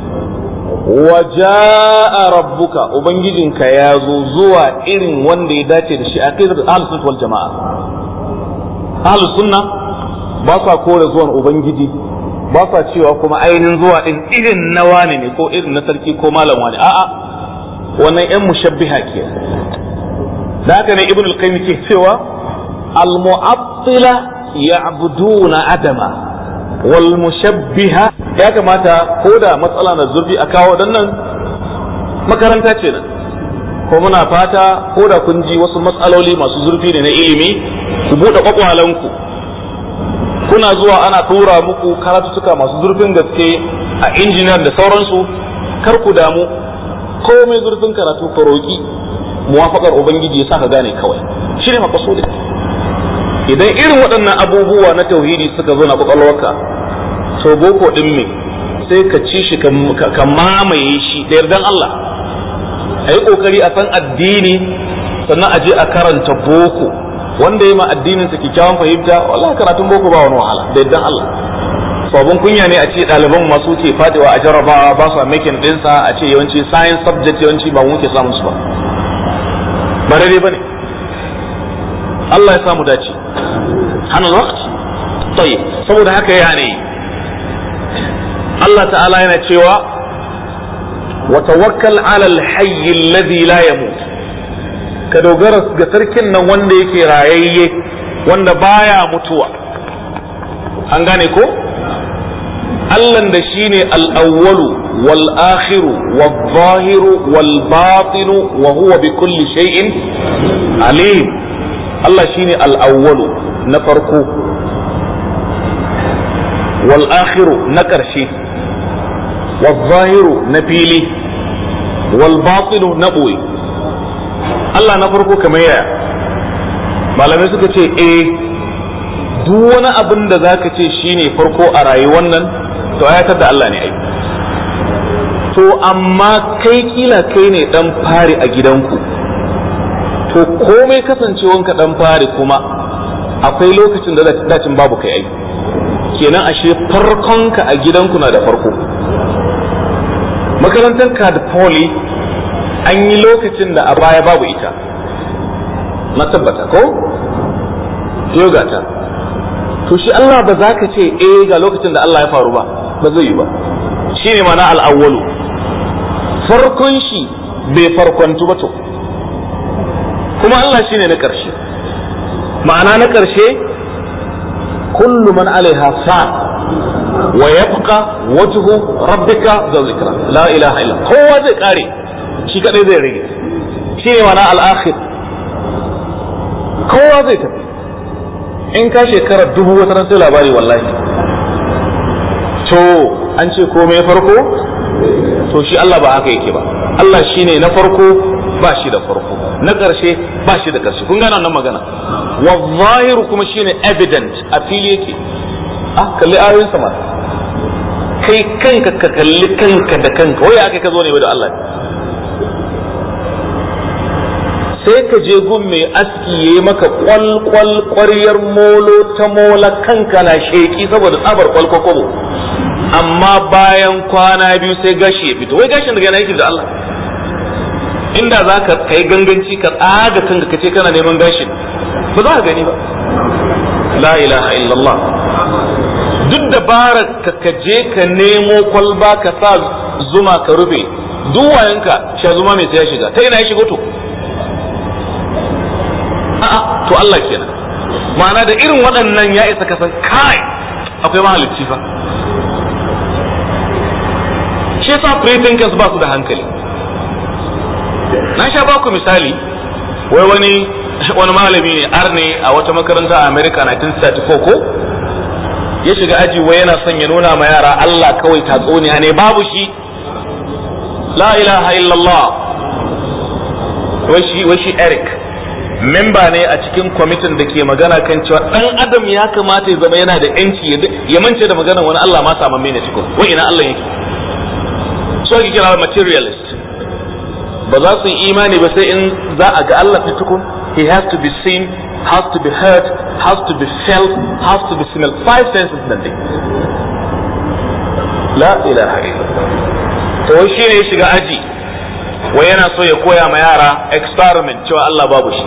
wa jaa rabbuka ubangijinka ya zo zuwa irin wanda ya dace da shi aqidar ahlus wal jamaa ahlus sunna ba sa kore zuwan ubangiji ba sa cewa kuma ainihin zuwa ɗin irin na wani ne ko irin na sarki ko malam wani a'a wannan yan mushabbiha ke da haka ne ibn al-qayyim ke cewa al-mu'attila ya'buduna adama wal mushabbiha ya kamata ko da matsala na zurfi a kawo dan nan makaranta ce nan ko muna fata ko da kun ji wasu matsaloli masu zurfi ne na ilimi ku buɗe kwakwalanku kuna zuwa ana tura muku karatuttuka masu zurfin gaske a injiniyar da sauransu kar ku damu ko komai zurfin karatu ka roƙi muwafaqar ubangiji ya sa ka gane kawai shine makasudin idan irin waɗannan abubuwa na tauhidi suka zo na kwakwalwarka to boko ɗin me sai ka ci shi ka mamaye shi da yardan Allah a yi kokari a san addini sannan a je a karanta boko wanda ya ma addinin sa kyakkyawan fahimta wallahi karatun boko ba wani wahala da yardan Allah sabon kunya ne a ce ɗaliban masu ke faɗiwa a jarabawa ba su makin ɗinsa a ce yawanci science subject yawanci ba muke samun su ba ba ne Allah ya samu dace hal waqt tayyib saboda haka yani Allah ta'ala yana cewa wa tawakkal 'ala al-hayy alladhi la ka dogara ga sarkin nan wanda yake rayayye wanda baya mutuwa an gane ko Allahn da shi ne al'awwalu wal'akhiru wal-zahiru wal-batinu wa huwa bi kulli shay'in Allah shi ne al'awwalu na farko wal na ƙarshe wal zahiru na fili wal na ɓoye Allah na farko kamar yaya malamai suka ce eh duk wani abin da zaka ce shine farko a rayuwar nan to ayatar da Allah ne ai to amma kai kila kai ne dan fari a gidanku to komai kasancewanka dan fari kuma akwai lokacin da dacin babu kai ai kenan ashe farkon ka a gidanku na da farko makarantar ka da poli an yi lokacin da a baya babu ita na tabbata ko yoga ta to shi Allah ba za ka ce eh ga lokacin da Allah ya faru ba ba zai yi ba Shi ne mana al'awwalu farkon shi bai farkon ba to kuma Allah shi ne na ƙarshe ma'ana na ƙarshe kullu man alaiha fan wa yabqa wajhu rabbika zal zikra la ilaha illa kowa zai kare shi kadai zai rage shi ne ma'ana al-akhir kowa zai tafi in ka shekara dubu wata ran sai labari wallahi to an ce komai farko to shi Allah ba haka yake ba Allah shine na farko ba shi da farko na ƙarshe ba shi da ƙarshe kun gana nan magana wa zahiru kuma shine evident a fili yake A ah, kalli ayoyin sama kai kanka ka kalli kanka da kanka wai aka ka zo ne da Allah sai ka je gun mai aski ya yi maka kwalkwal kwaryar molo ta mola kanka na sheki saboda tsabar kwalkwakwabo amma bayan kwana biyu sai gashi ya fito wai gashin daga yana yake da Allah inda za ka kai ganganci ka tsaga kanka ka ce kana neman gashin ba za ka gani ba la ilaha illallah duk da ka ka je ka nemo kwalba ka sa zuma ka rufe duk wayanka sha zuma mai sai ya shiga ta ina ya shigo to to Allah kenan ma'ana da irin waɗannan ya isa kasan kai akwai mahalicci fa shi sa pretenders ba su da hankali na sha ba ku misali wai wani wani malami ne arne a wata makaranta a america 1934 ko ya shiga aji wai yana son ya nuna ma yara allah kawai tatsuniya ne babu shi la ilaha illallah wai shi eric memba ne a cikin kwamitin da ke magana kan cewa dan adam ya kamata ya zama yana da yanci ya mance da maganar wani allah ma samamme ne cikin wai ina allah yake so ake kira materialist ba za su yi imani ba sai in za a ga Allah ta tukun he has to be seen has to be heard has to be felt has to be smelled five senses nan dai la ilaha illallah to shi ne shiga aji wa yana so ya koya ma yara experiment cewa Allah babu shi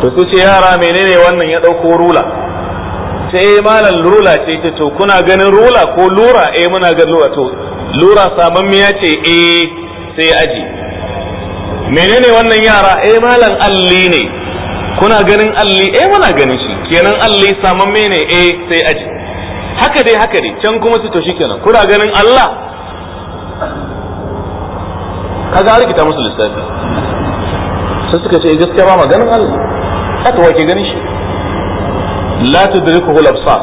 to sai ce yara menene wannan ya dauko rula ce eh malam lura ce ta to kuna ganin rula ko lura eh muna ganin lura to lura samammiya ce eh sai aji menene wannan yara eh malam alli ne kuna ganin alli eh muna ganin shi kenan alli me ne eh sai aji haka dai haka dai can kuma su to shikenan kuna ganin Allah kaga har kita musu lissafi sai suka ce eh, gaskiya ba maganin Allah haka wake ganin shi la tudrikuhu al-absar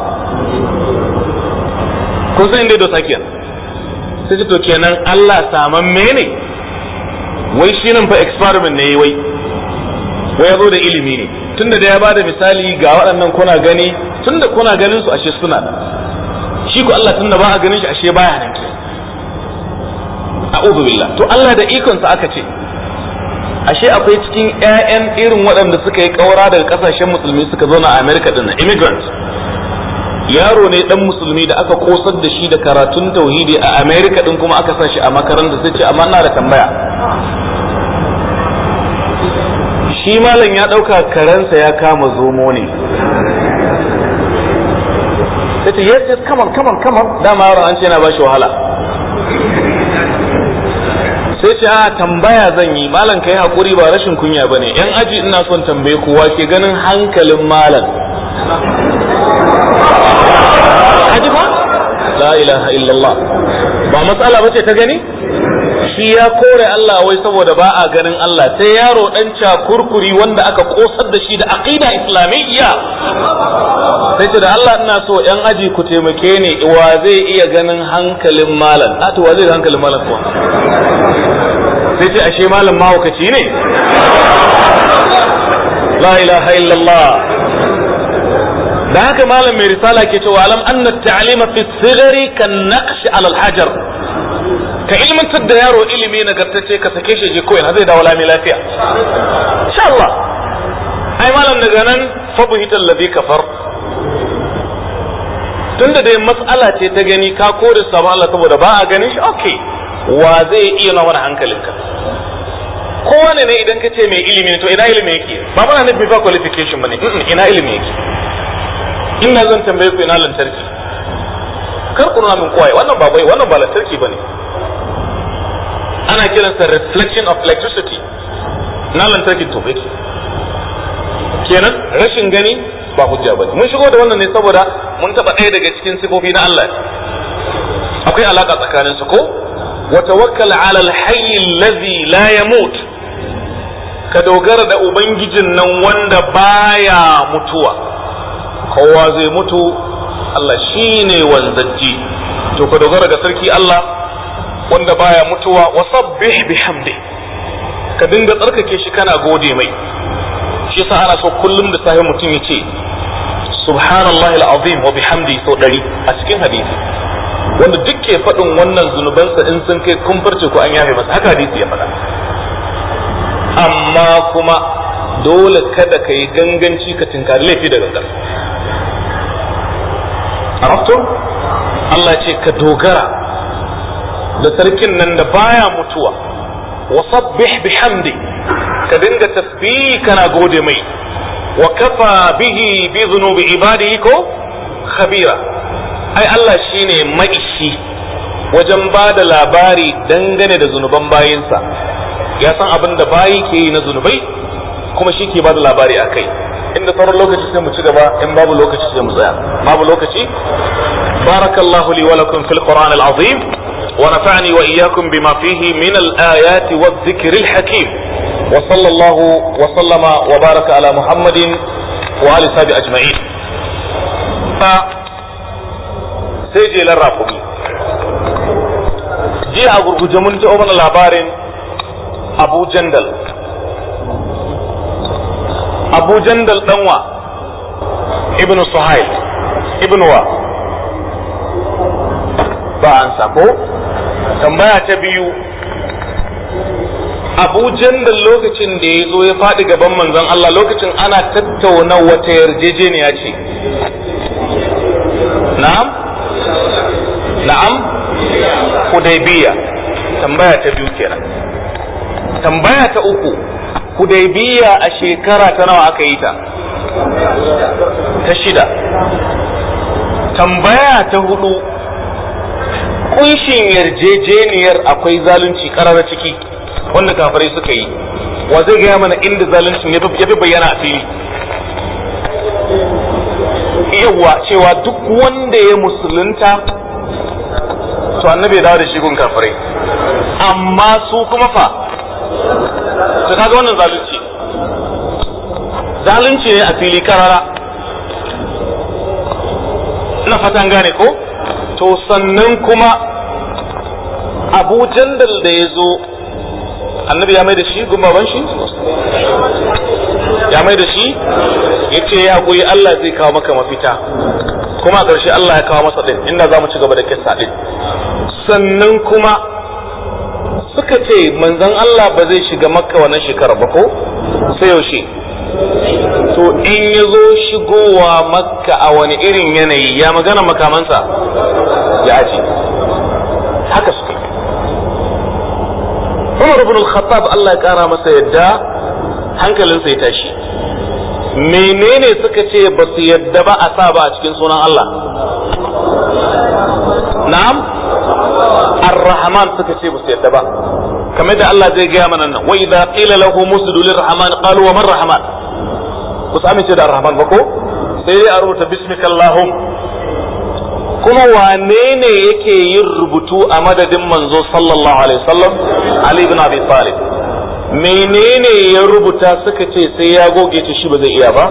kun san inda dosa kiyan sai ce to kenan Allah saman mene wai shi nan fa experiment ne wai wai ya zo da ilimi ne tunda da ya bada misali ga waɗannan kuna gani tunda kuna ganin su ashe suna da. shi ko Allah tunda ba a ganin shi ashe baya nan ke a'udhu billah to Allah da ikonsa aka ce ashe akwai cikin 'ya'yan irin waɗanda suka yi ƙaura daga ƙasashen musulmi suka zauna a America din immigrants yaro ne dan musulmi da aka kosar da shi da karatun tauhidi a America din kuma aka sa shi a makaranta sai ce amma ina da tambaya shi malam ya ɗauka karensa ya kama zomo ne sai ce yes yes come on come dama yaron an ce yana ba wahala sai ce a tambaya zan yi malam kai hakuri ba rashin kunya bane yan aji ina son tambaye kowa ke ganin hankalin malam Aji ba la ilaha illallah ba matsala ce ta gani shi ya kore Allah wai saboda ba a ganin Allah sai yaro dan cakurkuri wanda aka kosar da shi da aqida islamiyya sai ce da Allah ina so yan aji ku taimake ni wa zai iya ganin hankalin malam a to wa zai hankalin malam kuwa sai ce ashe malam mahaukaci ne la ilaha illallah da haka malam mai risala ke cewa alam anna ta'lima fi sigari kan naqsh ala al-hajar ka ilmantar da yaro ilimi nagartacce ka sake shi je koyi zai dawo lami lafiya insha Allah ai malam daga nan fa buhital ladhi kafar tunda dai mas'ala ce ta gani ka kore sabon Allah saboda ba a ganin shi okay wa zai iya nuna mana hankalinka kowane ne idan ka ce mai ilimi ne to ina ilimi yake ba mana nufin ba qualification bane ina ilimi yake ina zan tambaye ku ina lantarki kar ku nuna min kwaye wannan ba bai wannan ba lantarki bane ana kiransa reflection of electricity na lantarki to ke. kenan rashin gani ba hujja bane mun shigo da wannan ne saboda mun taba ɗaya daga cikin sifofi na Allah akwai alaka tsakanin su ko wa tawakkal ala alhayy alladhi la yamut ka dogara da ubangijin nan wanda baya mutuwa kowa zai mutu Allah shine wanzaji to ka dogara ga sarki Allah wanda baya mutuwa wa sabbih bihamdi ka dinga tsarkake shi kana gode mai shi yasa ana so kullum da safe mutum ya ce subhanallahi alazim wa bihamdi sau ɗari a cikin hadisi wanda duk ke faɗin wannan zunubansa in sun kai kun farce ko an yafe masa haka hadisi ya faɗa amma kuma dole kada ka yi ganganci ka tinkari laifi da gangan arafto Allah ce ka dogara da sarkin nan da baya mutuwa wa sabbih bihamdi ka dinga tasbihi kana gode mai wa kafa bihi bi dhunubi ibadihi ko khabira ai Allah shine maishi wajen ba da labari dangane da zunuban bayinsa ya san abin da bayi ke yi na zunubai kuma shi ke ba da labari a kai inda sauran lokaci sai mu ci gaba in babu lokaci sai mu tsaya babu lokaci barakallahu li wa lakum fil qur'an al azim ونفعني وإياكم بما فيه من الآيات والذكر الحكيم وصلى الله وسلم وبارك على محمد وآل سابع أجمعين سيجي للرافقي جي أقول جمون جاء من العبارين أبو جندل أبو جندل دنوا ابن سهيل ابن وا ba an sako tambaya ta biyu abu jandal lokacin da ya zo ya faɗi gaban manzon Allah lokacin ana tattauna wata yarjejeniya ce na'am na'am hudaybiya tambaya ta biyu kenan tambaya ta uku hudaybiya a shekara ta nawa aka yi ta ta shida tambaya ta hudu kunshin yarjejeniyar akwai zalunci karara ciki wanda kafirai suka yi wa zai gaya mana inda zaluncin ya fi bayyana a fili yawa cewa duk wanda ya musulunta to annabi ya dawo da shi gun kafirai amma su kuma fa to kaga wannan zalunci zalunci ne a fili karara ina fatan gane ko to sannan kuma abu jandal da ya zo annabi ya mai da shi shi ya mai da shi ya ce ya haƙuri Allah zai kawo maka mafita kuma a ƙarshe Allah ya kawo masa ɗin inda za mu ci gaba da kisa ɗin sannan kuma suka ce manzon Allah ba zai shiga makka wannan shekarar ba ko sai yaushe to in ya zo shigowa maka a wani irin yanayi ya magana makamansa ya aji haka suka Umar ibn al-Khattab Allah ya kara masa yadda hankalinsa ya tashi menene suka ce ba su yadda ba a sa ba a cikin sunan Allah na'am ar-rahman suka ce ba su yadda ba kamar da Allah zai gaya mana nan wa idza qila lahu musjudu lir-rahman qalu wa man rahman ku sami ce da ar-rahman ba ko sai a rubuta bismikallahum kuma wane ne yake yin rubutu a madadin manzo sallallahu alaihi wasallam Ali ibn Abi Talib menene ya rubuta suka ce sai ya goge ta shi ba zai iya ba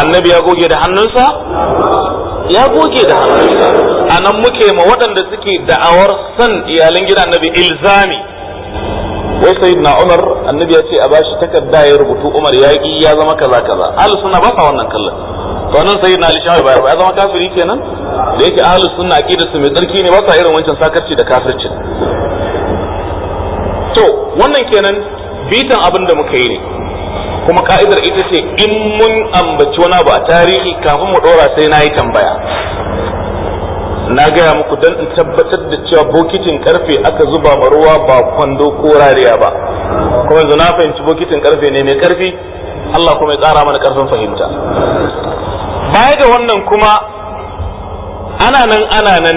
annabi ya goge da hannunsa ya goge da hannunsa anan muke ma waɗanda suke da'awar san iyalan gidan annabi ilzami wai na umar annabi ya ce a bashi takarda ya rubutu umar ya yi ya zama kaza kaza ahli sunna ba sa wannan kallon to nan na ali shawi ba ya zama kafiri kenan da yake ahli sunna aqidar su mai tsarki ne ba sa irin wancan sakarci da kafirci to wannan kenan bitan abin da muka yi ne kuma ka'idar ita ce in mun ambaci wani abu a tarihi kafin mu dora sai na yi tambaya na gaya muku dan in tabbatar da cewa bokitin karfe aka zuba ma ruwa ba kwando ko rariya ba kuma yanzu na fahimci bokitin karfe ne mai karfi Allah kuma ya tsara mana karfin fahimta baya ga wannan kuma ana nan ana nan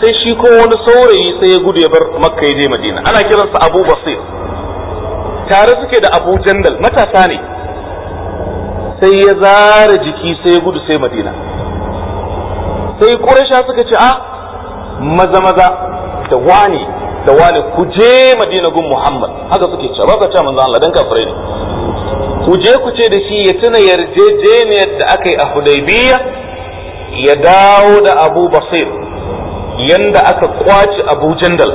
sai shi ko wani saurayi sai ya gudu ya bar makka ya je madina ana kiransa abu basir tare suke da abu jandal matasa ne sai ya zara jiki sai ya gudu sai madina sai ƙurasha suka ce a maza maza da wani da wani ku je madina gun muhammad haka suke ce ba ka ce manzo Allah dan kafirai ne ku je ku ce da shi ya tuna yarjejeniyar da aka yi a hudaybiya ya dawo da abu basir yanda aka kwaci abu jandal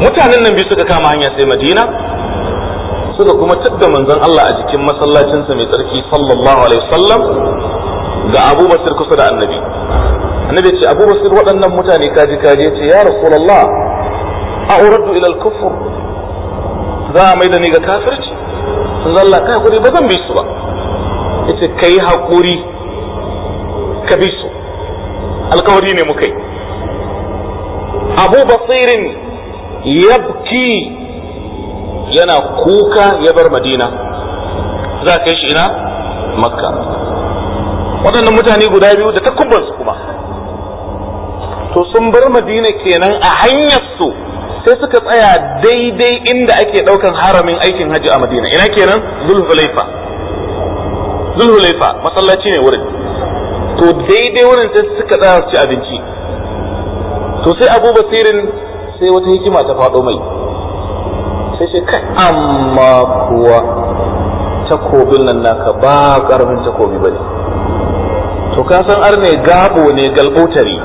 mutanen nan biyu suka kama hanya sai madina suka kuma tadda manzon Allah a jikin masallacinsa mai tsarki sallallahu alaihi wasallam ga Abu kusa da Annabi Annabi ce Abu waɗannan mutane kaji kaji ce ya rasulallah, a uraddu ila za a maida ni ga kafirci sun zalla kai hakuri ba zan bi su ba yace kai hakuri ka bi su alkawari ne muka yi Abu yabki yana kuka ya bar Madina za a kai shi ina makka waɗannan mutane guda biyu da su kuma to sun bar madina kenan a hanyar su sai suka tsaya daidai inda ake ɗaukan haramin aikin hajji a madina ina kenan zulhulaifa zulhulaifa masallaci ne wurin to daidai wurin sai suka tsaya su ci abinci to sai abu basirin sai wata hikima ta faɗo mai sai sai kai amma kuwa takobin nan naka ba ƙaramin takobi ba ne to ka san arne gabo ne galbotari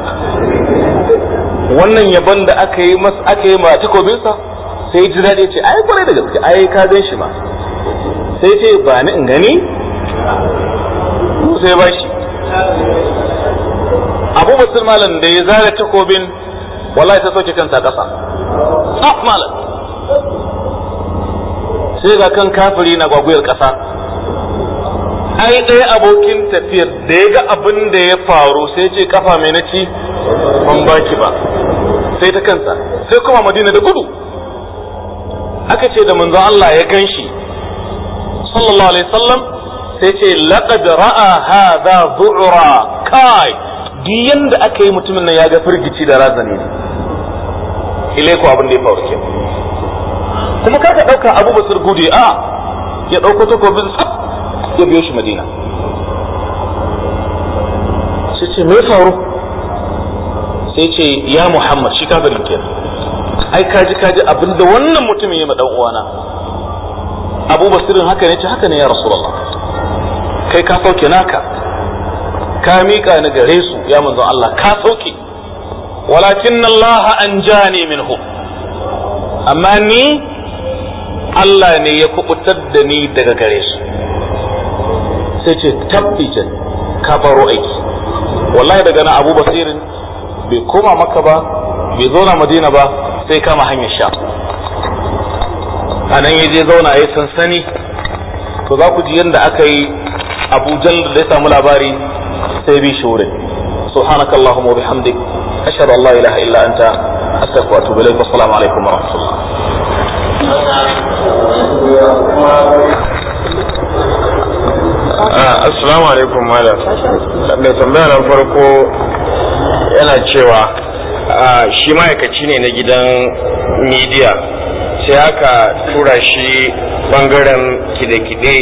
wannan yabon da aka yi mas aka yi ma takobinsa sai ji daɗi ce ai kwarai da gaske ai ka gan shi ma sai ce ba ni in gani sai ba shi abu basir malam da ya zara takobin wallahi ta soke kansa ƙasa malam sai ga kan kafiri na gwagwiyar ƙasa ai ɗaya abokin tafiyar da ya ga abin da ya faru sai ce kafa mai na ci ban baki ba sai ta kansa sai kuma madina da gudu aka ce da manzo Allah ya gan shi sallallahu alaihi wasallam sai ce laqad ra'a hadha zu'ra kai diyan da aka yi mutumin nan ya ga firgici da razani ne ile abin da ya faru kuma kaka dauka Abu Basir gude a ya dauko takobin sa. ya biyo shi madina sai ce me faru sai ce ya muhammad shi kafirin kenan ai kaji kaji abinda wannan mutumin ya ma dan uwana abu basirin haka ne ce haka ne ya rasulullah kai ka sauke naka ka miƙa ni gare su ya manzo Allah ka sauke walakin Allah an jani minhu amma ni Allah ne ya kubutar da ni daga gare su ta ce tabbijan ka baro aiki wallahi daga nan abu basirin bai koma maka ba bai zauna madina ba sai kama hanyar sha a nan ya je zauna ya sansani to za ku ji yadda aka yi abu da ya samu labari sai bi shi wurin subhanakallahumma wa bihamdik ashhadu an la ilaha illa anta astaghfiruka wa atubu ilaik assalamu alaikum wa Ah, assalamu alaikum malam mai tambaya na farko yana cewa ah, shi ma'aikaci ne na gidan media sai aka tura shi bangaren kide-kide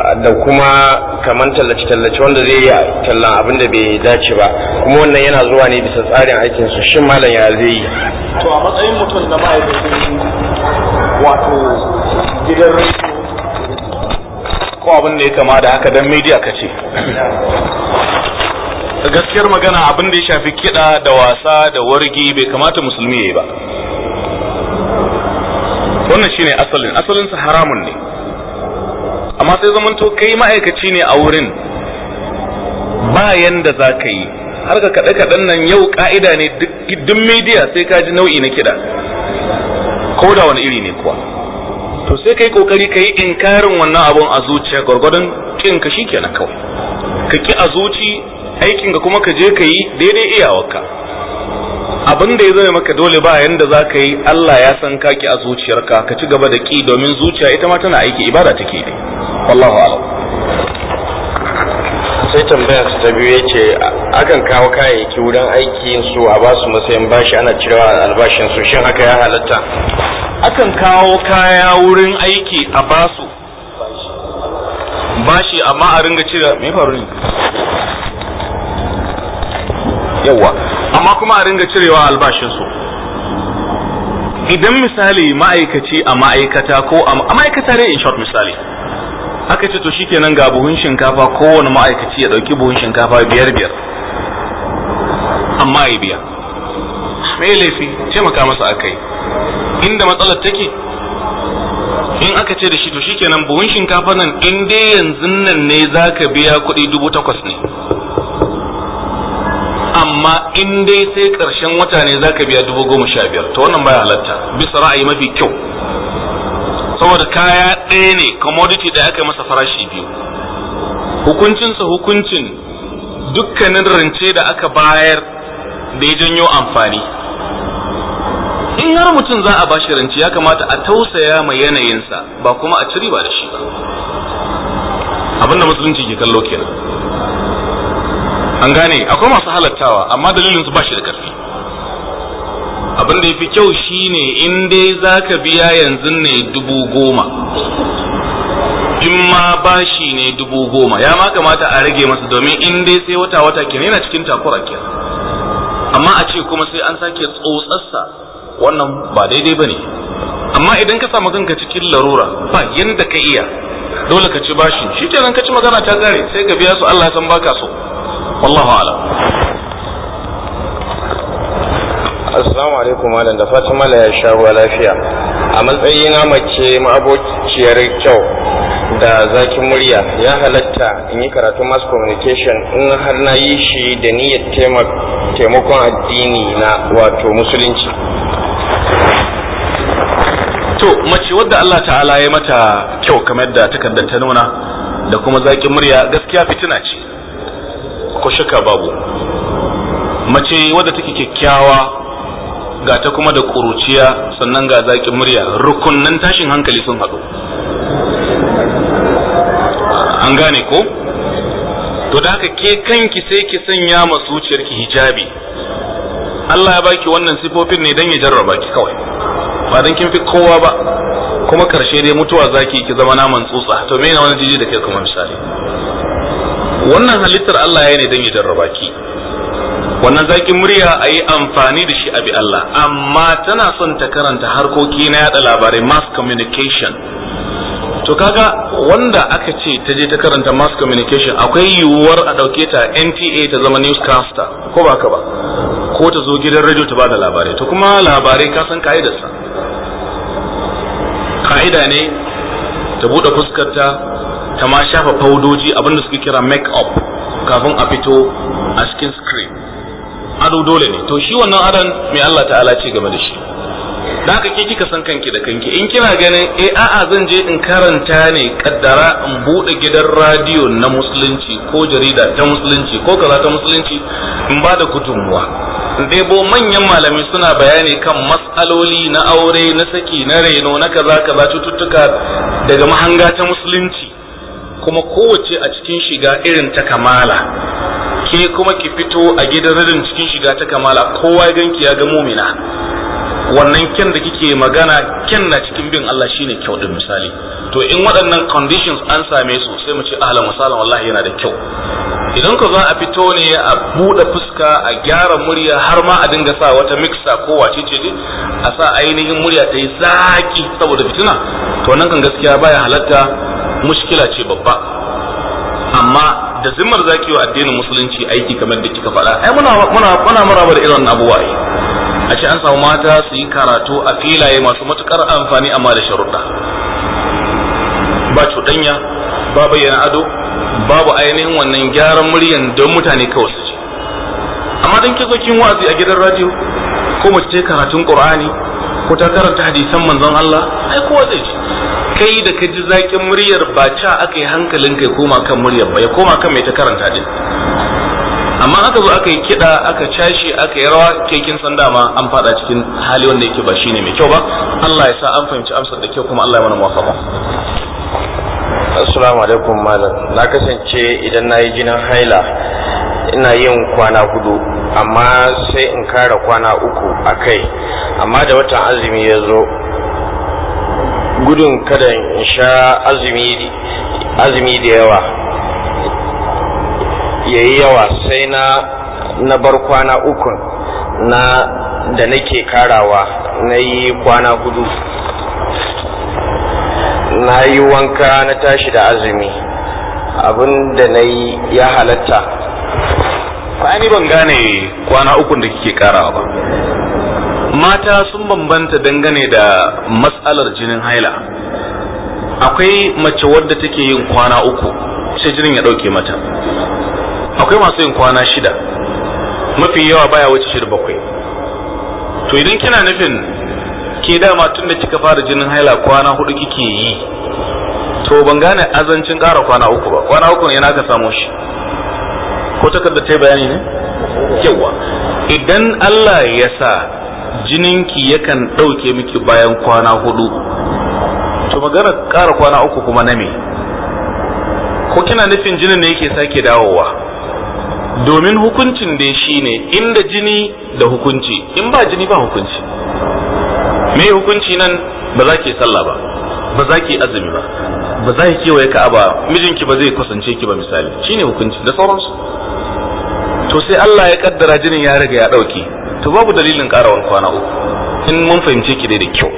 ah, da kuma kaman tallace-tallace wanda zai yi tallan abin da bai dace ba kuma wannan yana zuwa ne bisa tsarin aikinsu shin malam ya zai yi to a matsayin mutum na ma'aikacin wato gidan ko abin da ya kama da haka dan media ka ce gaskiyar magana abin da ya shafi kiɗa da wasa da wargi bai kamata musulmi ya yi ba wannan shine asalin asalin sa haramun ne amma sai zamanto kai ma'aikaci ne a wurin bayan da za ka yi har ka kaɗe kaɗan nan yau ka'ida ne duk midiya sai ka ji nau'i na kiɗa ko da wani iri ne kuwa to sai kai kokari kai inkarin wannan abun a zuciya gwargwadon kin ka shikenan kawai ka ki a zuci aikin ka kuma ka je ka yi daidai iyawarka abin da ya zama maka dole ba yanda za ka yi Allah ya san ka ki a zuciyarka ka ci gaba da ki domin zuciya ita ma tana aiki ibada take ne wallahu a'lam sai tambaya su ta biyu yace akan kawo kayayyaki wurin aikin su a basu matsayin bashi ana cirewa albashin su shin haka ya halatta akan kawo kaya wurin aiki a basu bashi amma a ringa cire me faru ne yawa amma kuma a ringa cirewa albashinsu idan misali ma'aikaci a ma'aikata ko a ma'aikata dai in short misali aka ce to shikenan ga buhun shinkafa kowane ma'aikaci ya dauki buhun shinkafa biyar biyar amma ya biya me laifi taimaka masa akai inda matsalar take in aka ce da shi to shikenan buhun shinkafa nan in dai yanzu nan ne za biya kuɗi dubu takwas ne amma in dai sai ƙarshen wata ne za biya dubu goma sha biyar to wannan baya halatta bisa ra'ayi mafi kyau saboda kaya ɗaya ne commodity da aka masa farashi biyu hukuncinsa hukuncin dukkanin rance da aka bayar da ya janyo amfani in har mutum za a bashi rance ya kamata a tausaya mai yanayinsa ba kuma a ciri ba da shi ba abinda musulunci ke kallo kenan an gane akwai masu halattawa amma dalilin su ba shi da karfi abin da ya fi kyau shine in dai za ka biya yanzu ne dubu goma in ma bashi ne dubu goma ya ma kamata a rage masa domin in dai sai wata wata kenan yana cikin takura kenan amma a ce kuma sai an sake tsotsarsa wannan ba daidai ba ne amma idan ka samu kanka cikin larura ba yadda ka iya dole ka ci bashi shi kenan ka ci magana ta gare sai ka biya su Allah san baka so wallahu ala assalamu alaikum malam da fatan mala ya sha ruwa lafiya a matsayina mace ma'abociyar kyau da zakin murya ya halatta in yi karatun mass communication in har na yi shi da niyyar taimakon addini na wato musulunci to mace wadda Allah ta'ala ya mata kyau kamar da takardar ta nuna da kuma zaƙin murya gaskiya fitina ce ko shakka babu mace wadda take kyakkyawa ga ta kuma da ƙuruciya sannan ga zaƙin murya rukunnan tashin hankali sun haɗu an gane ko to da haka ke kanki sai ki sanya masu zuciyarki hijabi Allah ya baki wannan sifofin ne don ya jarraba ki kawai ba dan kin fi kowa ba kuma karshe dai mutuwa zaki ki zama naman tsutsa to me wani jiji da kai kuma misali wannan halittar Allah ya ne dan ya jarraba ki wannan zakin murya a yi amfani da shi a bi Allah amma tana son ta karanta harkoki na yada labarai mass communication to kaga wanda aka ce ta je ta karanta mass communication akwai yiwuwar a ɗauke ta NTA ta zama newscaster ko ba ka ba ko ta zo gidan radio ta bada labarai to kuma labarai ka san ka'idarsa ka'ida ne ta buɗe fuskarta ta ma shafa faudoji abinda suke kira make up kafin a fito a cikin screen ado dole ne to shi wannan adon mai Allah ta'ala ce game da shi da haka ke kika san kanki da kanki in kina ganin eh a'a zan je in karanta ne kaddara in bude gidan radio na musulunci ko jarida ta musulunci ko kaza ta musulunci in ba da dai debo manyan malami suna bayani kan matsaloli na aure na saki na reno na kaza kaza cututtuka daga mahanga ta musulunci kuma kowace a cikin shiga irin ta kamala ke kuma ki fito a gidan rajin cikin shiga ta kamala kowa ya ganki ya ga mumina wannan kyan da kike magana kyan na cikin bin Allah shine kyau din misali to in waɗannan conditions an same su sai mu ce ahlan wa sahlan wallahi yana da kyau idan ku za a fito ne a buɗe fuska a gyara murya har ma a dinga sa wata mixer ko wace ce dai a sa ainihin murya ta yi zaki saboda fitina to nan kan gaskiya baya halatta mushkila ce babba amma da zimmar zaki wa addinin musulunci aiki kamar da kika faɗa ai muna muna muna maraba da irin abubuwa a ce an samu mata su yi karatu a filaye masu matukar amfani amma da sharuɗa ba cuɗanya ba bayyana ado babu ainihin wannan gyaran muryan don mutane kawai su ce amma don kizo kin wa'azi a gidan radio ko mace karatun qur'ani ko ta karanta hadisan manzon Allah ai kowa zai ce kai da ka ji zaƙin muryar ba ca aka yi hankalin kai koma kan muryar ba ya koma kan mai ta karanta din amma aka zo aka yi kiɗa aka cashe aka yi rawa kekin san dama an faɗa cikin hali wanda yake ba shine mai kyau ba Allah ya sa an fahimci amsar da kyau kuma Allah ya mana muwafaqa assalamu alaikum malam na kasance idan nayi yi jinin haila ina yin kwana hudu amma sai in kara kwana uku a kai amma da watan azumi ya zo gudun kada in sha azumi da yawa ya yi yawa sai na na bar kwana uku na da nake karawa na yi kwana hudu na yi wanka na tashi da azumi abin da na yi ya halatta ba ni ban gane kwana ukun da kike karawa ba mata sun bambanta dangane da matsalar jinin haila akwai mace wadda take yin kwana uku sai jinin ya ɗauke mata akwai masu yin kwana shida mafi yawa baya wuce shida bakwai to idan kina nufin ke dama tun da kika fara jinin haila kwana hudu kike yi to ban gane azancin kara kwana uku ba kwana uku yana ka samu shi ko takardar ta bayani ne yawa idan Allah ya sa jininki yakan ɗauke miki bayan kwana hudu to magana ƙara kwana uku kuma na me ko kina nufin jinin ne yake sake dawowa domin hukuncin dai ne inda jini da hukunci in ba jini ba hukunci me hukunci nan ba za ki sallah ba ba za ki azumi ba ba za ki kewaye ka'aba mijinki ba zai kusance ki ba misali shine hukunci da sauransu to sai Allah ya kaddara jinin ya riga ya dauke to babu dalilin karawar kwana uku in mun fahimce ki dai da kyau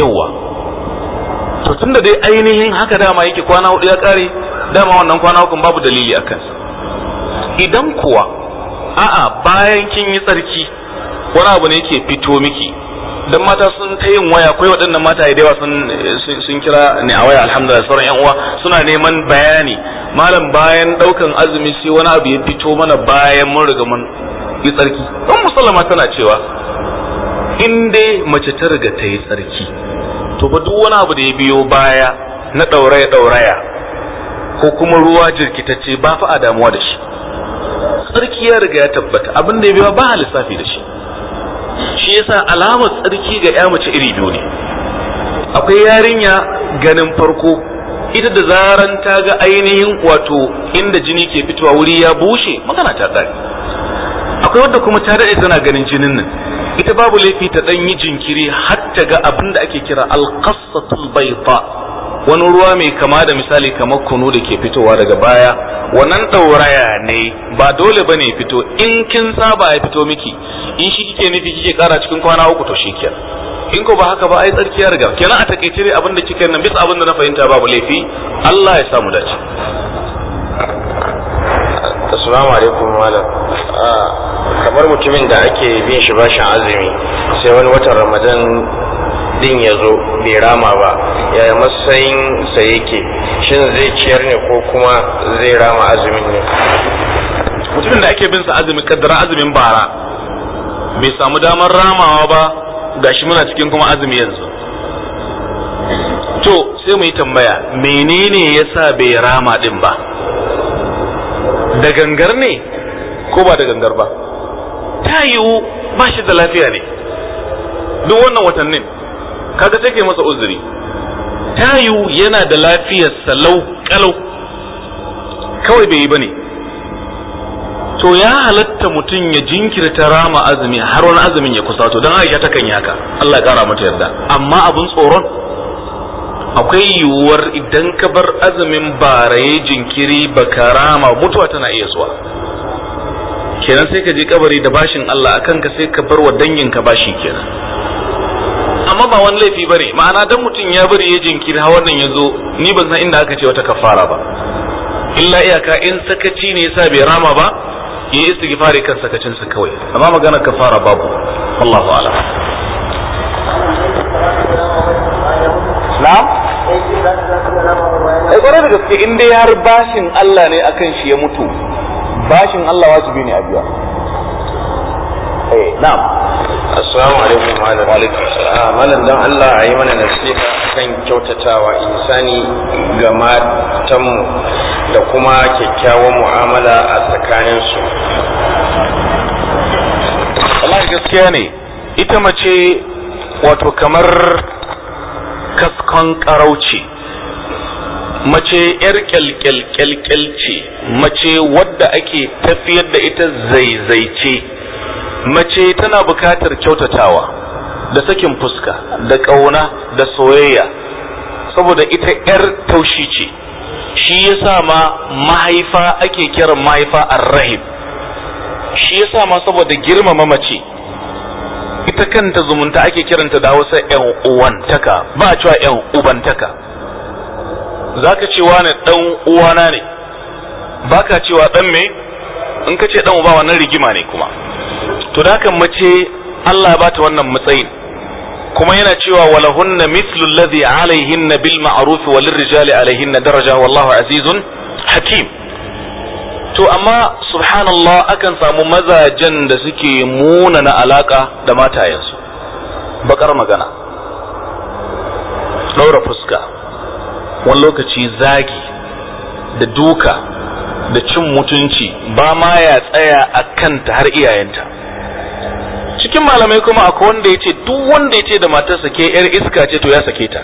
yawa to tun da dai ainihin haka dama yake kwana hudu ya kare dama wannan kwana uku babu dalili a kansa idan kuwa a'a bayan kin yi tsarki wani abu ne yake fito miki dan mata sun ta yin waya akwai waɗannan mata da yawa sun kira ne a waya alhamdulillah sauran yan uwa suna neman bayani malam bayan daukan azumi sai wani abu ya fito mana bayan mun riga mun yi tsarki don musallama tana cewa in dai mace ta riga ta yi tsarki to ba duk wani abu da ya biyo baya na ɗauraya ɗauraya ko kuma ruwa jirkitacce ba fa a damuwa da shi tsarki ya riga ya tabbata abin da ya biyo ba lissafi da shi shi yasa alamar tsarki ga ya mace iri biyu ne akwai yarinya ganin farko ita da zaran ta ga ainihin wato inda jini ke fitowa wuri ya bushe magana ta tsari akwai wanda kuma ta dade tana ganin jinin nan ita babu laifi ta ɗan yi jinkiri har ta ga abin da ake kira alƙasatul baita wani ruwa mai kama da misali kamar kunu da ke fitowa daga baya wannan ɗauraya ne ba dole ba ne fito in kin saba ya fito miki in shi kike nufi kike kara cikin kwana uku to shikenan in ko ba haka ba ai tsarkiya riga kenan a takaice ne abin da kike nan bisa abin da na fahimta babu laifi Allah ya samu dace assalamu alaikum malam kamar mutumin da ake bin shi bashin azumi sai wani watan ramadan din ya zo bai rama ba yaya matsayin sa yake shin zai ciyar ne ko kuma zai rama azumin ne mutumin da ake bin sa azumi kaddara azumin bara bai samu damar ramawa ba gashi muna cikin kuma azumi yanzu to sai mu yi tambaya menene yasa bai rama din ba da gangar ne ko ba da gangar ba ta yiwu ba shi da lafiya ne duk wannan watannin kaga take masa uzuri ta yiwu yana da lafiyar salau kalau kawai bai yi bane to ya halatta mutum ya jinkirta rama azumi har wani azumin ya kusa to don aisha ta kan yi haka Allah ya kara mata yarda amma abin tsoron akwai yiwuwar idan ka bar azumin baraye jinkiri baka rama mutuwa tana iya zuwa kenan sai ka je kabari da bashin Allah a ka sai ka bar wa dangin ka bashi kenan amma ba wani laifi ne, ma'ana dan mutum ya bari ya jinkiri har wannan ya zo ni ban san inda aka ce wata kafara ba illa iyaka in sakaci ne yasa bai rama ba ya yi istighfari kan sakacin sa kawai amma magana kafara babu Allahu a'lam na'am ai eh, kwarai da gaske in dai har bashin Allah ne akan shi ya mutu bashin Allah wajibi ne a biya eh na'am assalamu alaikum wa alaikum ah, malam dan Allah a yi mana nasiha kan kyautatawa insani ga matanmu da kuma kyakkyawar mu'amala a tsakanin su. Allah gaskiya ne ita mace wato kamar kaskon karauci mace yar kyalkyalkyal ce mace wadda ake tafiyar da ita zaizaice mace tana bukatar kyautatawa da sakin fuska da ƙauna da soyayya saboda ita yar taushi ce shi sa ma mahaifa ake kiran mahaifa arrahim shi sa ma saboda girmama mace ita kanta zumunta ake kiranta da wasa yan uwantaka ba a cewa yan ubantaka ka ce wane dan uwana ne baka cewa dan me in ka ce dan uba wannan rigima ne kuma to da kan mace Allah ya bata wannan matsayin kuma yana cewa walahunna mithlu alladhi alaihinna bil ma'ruf walil rijali alaihinna daraja wallahu azizun hakim to amma subhanallah akan samu mazajen da suke munana alaka da matayensu bakar magana ɗaura fuska wani lokaci zagi da duka da cin mutunci ba ma ya tsaya a kanta har iyayenta cikin malamai kuma akwai wanda ya ce duk wanda ya ce da matarsa ke yar iska ce to ya sake ta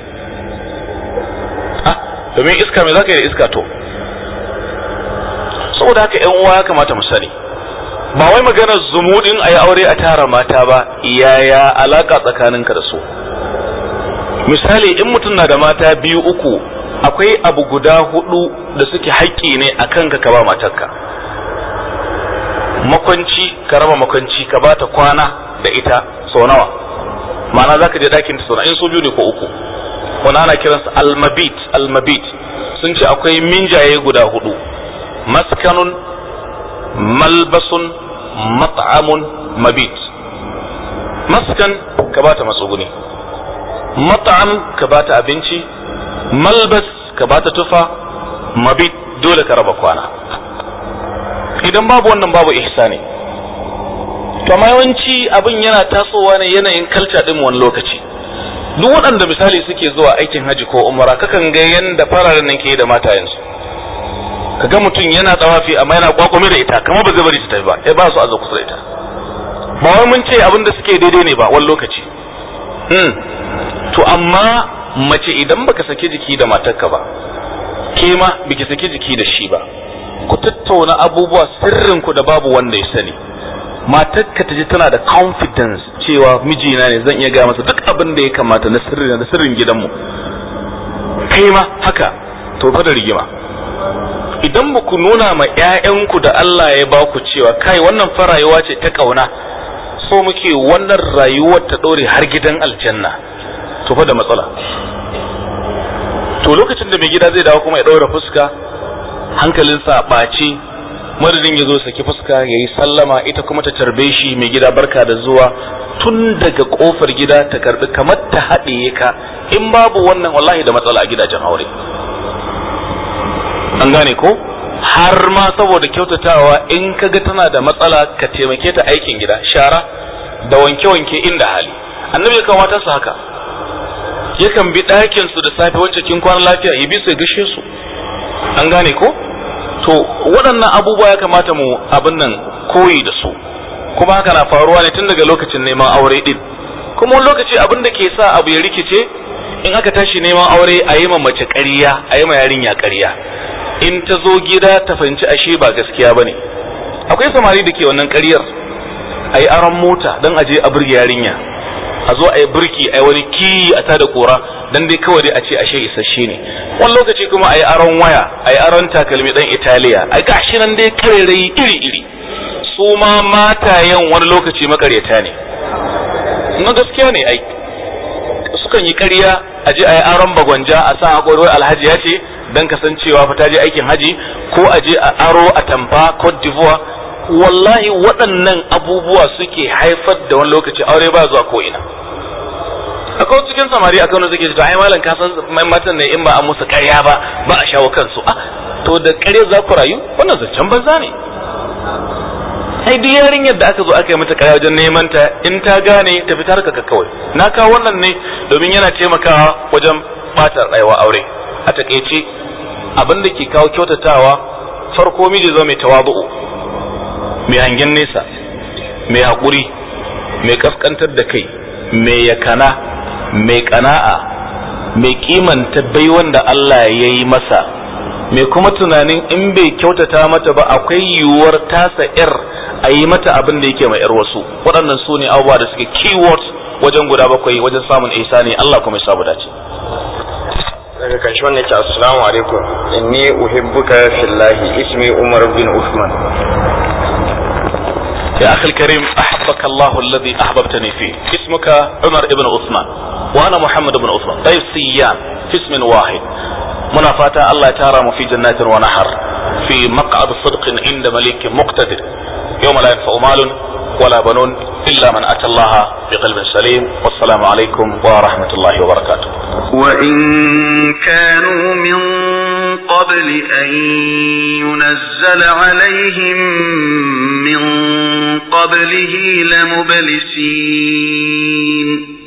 ah, domin iska mai zaka yi da iska to saboda haka yan uwa ya kamata mu sani ba wai maganar zumudin a yi aure a tara mata ba yaya alaka tsakaninka da su misali in mutum na da mata biyu uku akwai abu guda hudu da suke haƙƙi ne a kanka ka ba matarka makwanci ka raba makwanci ka ba ta kwana da ita sau nawa ma'ana za ka je ɗakin ta sauna in so biyu ne ko uku wani ana kiransa almabit almabit sun ce akwai minjaye guda hudu maskanun malbasun mat'amun mabit maskan ka ba ta matsuguni mat'am ka ba ta abinci malbas ka bata tufa mabit dole ka raba kwana idan babu wannan babu ihsani to amma yawanci abin yana tasowa ne yanayin kalca din wani lokaci duk waɗanda misali suke zuwa aikin haji ko umara kakan ga yanda fararen nan ke da Ka kaga mutum yana tsawafi amma yana kwakwame da ita kamar ba zabari ta tafi ba ya eh, ba su azo kusa da ita ba wai mun ce abin da suke daidai ne ba wani lokaci hmm. to amma mace idan baka saki jiki da matarka ba ke ma biki saki jiki da shi ba ku tattauna abubuwa sirrin ku da babu wanda ya sani matarka ta ji tana da confidence cewa mijina ne zan iya ga masa duk abin da ya kamata na sirrin da sirrin gidanmu kai ma haka to fa da rigima idan ba ku nuna ma 'ya'yanku da Allah ya ba ku cewa kai wannan fa rayuwa ce ta kauna so muke wannan rayuwar ta ɗore har gidan aljanna to fa da matsala to lokacin da mai gida zai dawo kuma ya ɗaura fuska hankalinsa ɓace madadin ya zo saki fuska ya yi sallama ita kuma ta tarbe shi mai gida barka da zuwa tun daga kofar gida ta karbi kamar ta haɗe ka in babu wannan wallahi da matsala a gidajen aure an gane ko har ma saboda kyautatawa in ka ga tana da matsala ka taimake ta aikin gida shara da wanke-wanke inda hali annabi ya kamata su haka yakan bi ɗakin su da safe wacce kin kwana lafiya ya bi su ya gashe su an gane ko to waɗannan abubuwa ya kamata mu abin nan koyi da su kuma haka na faruwa ne tun daga lokacin neman aure din kuma wani lokaci abin da ke sa abu ya rikice in aka tashi neman aure a yi ma mace ƙarya a yi ma yarinya ƙarya in ta zo gida ta fahimci ashe ba gaskiya ba ne akwai samari da ke wannan ƙaryar a yi aron mota don a je a burge yarinya a zo a yi birki a yi wani kiyi a tada kora dan dai kawai dai a ce ashe isasshe ne wani lokaci kuma a yi aron waya a yi aron takalmi dan italiya a gashi nan dai karerai iri iri su ma matayen wani lokaci makaryata ne na gaskiya ne ai sukan yi karya a je a yi aron bagwanja a sa haƙori alhaji ya ce dan kasancewa fa ta je aikin haji ko a je a aro a tamfa cote d'ivoire wallahi waɗannan abubuwa suke haifar da wani lokaci aure ba zuwa ko ina akwai cikin samari a kano suke to ai malam ka san matan ne in ba a musu karya ba ba a shawo kansu ah to da karya za ku rayu wannan zancen banza ne sai duk yarinyar da aka zo aka yi mata karya wajen neman ta in ta gane ta fitar ka kawai na kawo wannan ne domin yana taimakawa wajen ɓatar rayuwa aure a takaice abin da ke kawo kyautatawa farko miji zo mai tawadu'u mai hangen nesa mai haƙuri mai kaskantar da kai mai yakana mai ƙana'a, mai kimanta bai wanda Allah ya yi masa mai kuma tunanin in bai kyautata mata ba akwai yiwuwar tasa yar a yi mata abin da yake mai yar wasu waɗannan su ne abubuwa da suke keywords wajen guda bakwai wajen samun 'isa ne Allah kuma ya dace daga wannan ce assalamu alaikum inni uhibbuka fillahi ismi umar bin usman يا أخي الكريم أحبك الله الذي أحببتني فيه اسمك عمر بن عثمان وأنا محمد بن عثمان طيب سيان في اسم واحد منافاتا الله يتارم في جنات ونحر في مقعد صدق عند مليك مقتدر يوم لا ينفع مال ولا بنون إلا من أتى الله بقلب سليم والسلام عليكم ورحمة الله وبركاته وإن كانوا من قبل أن ينزل عليهم من قبله لمبلسين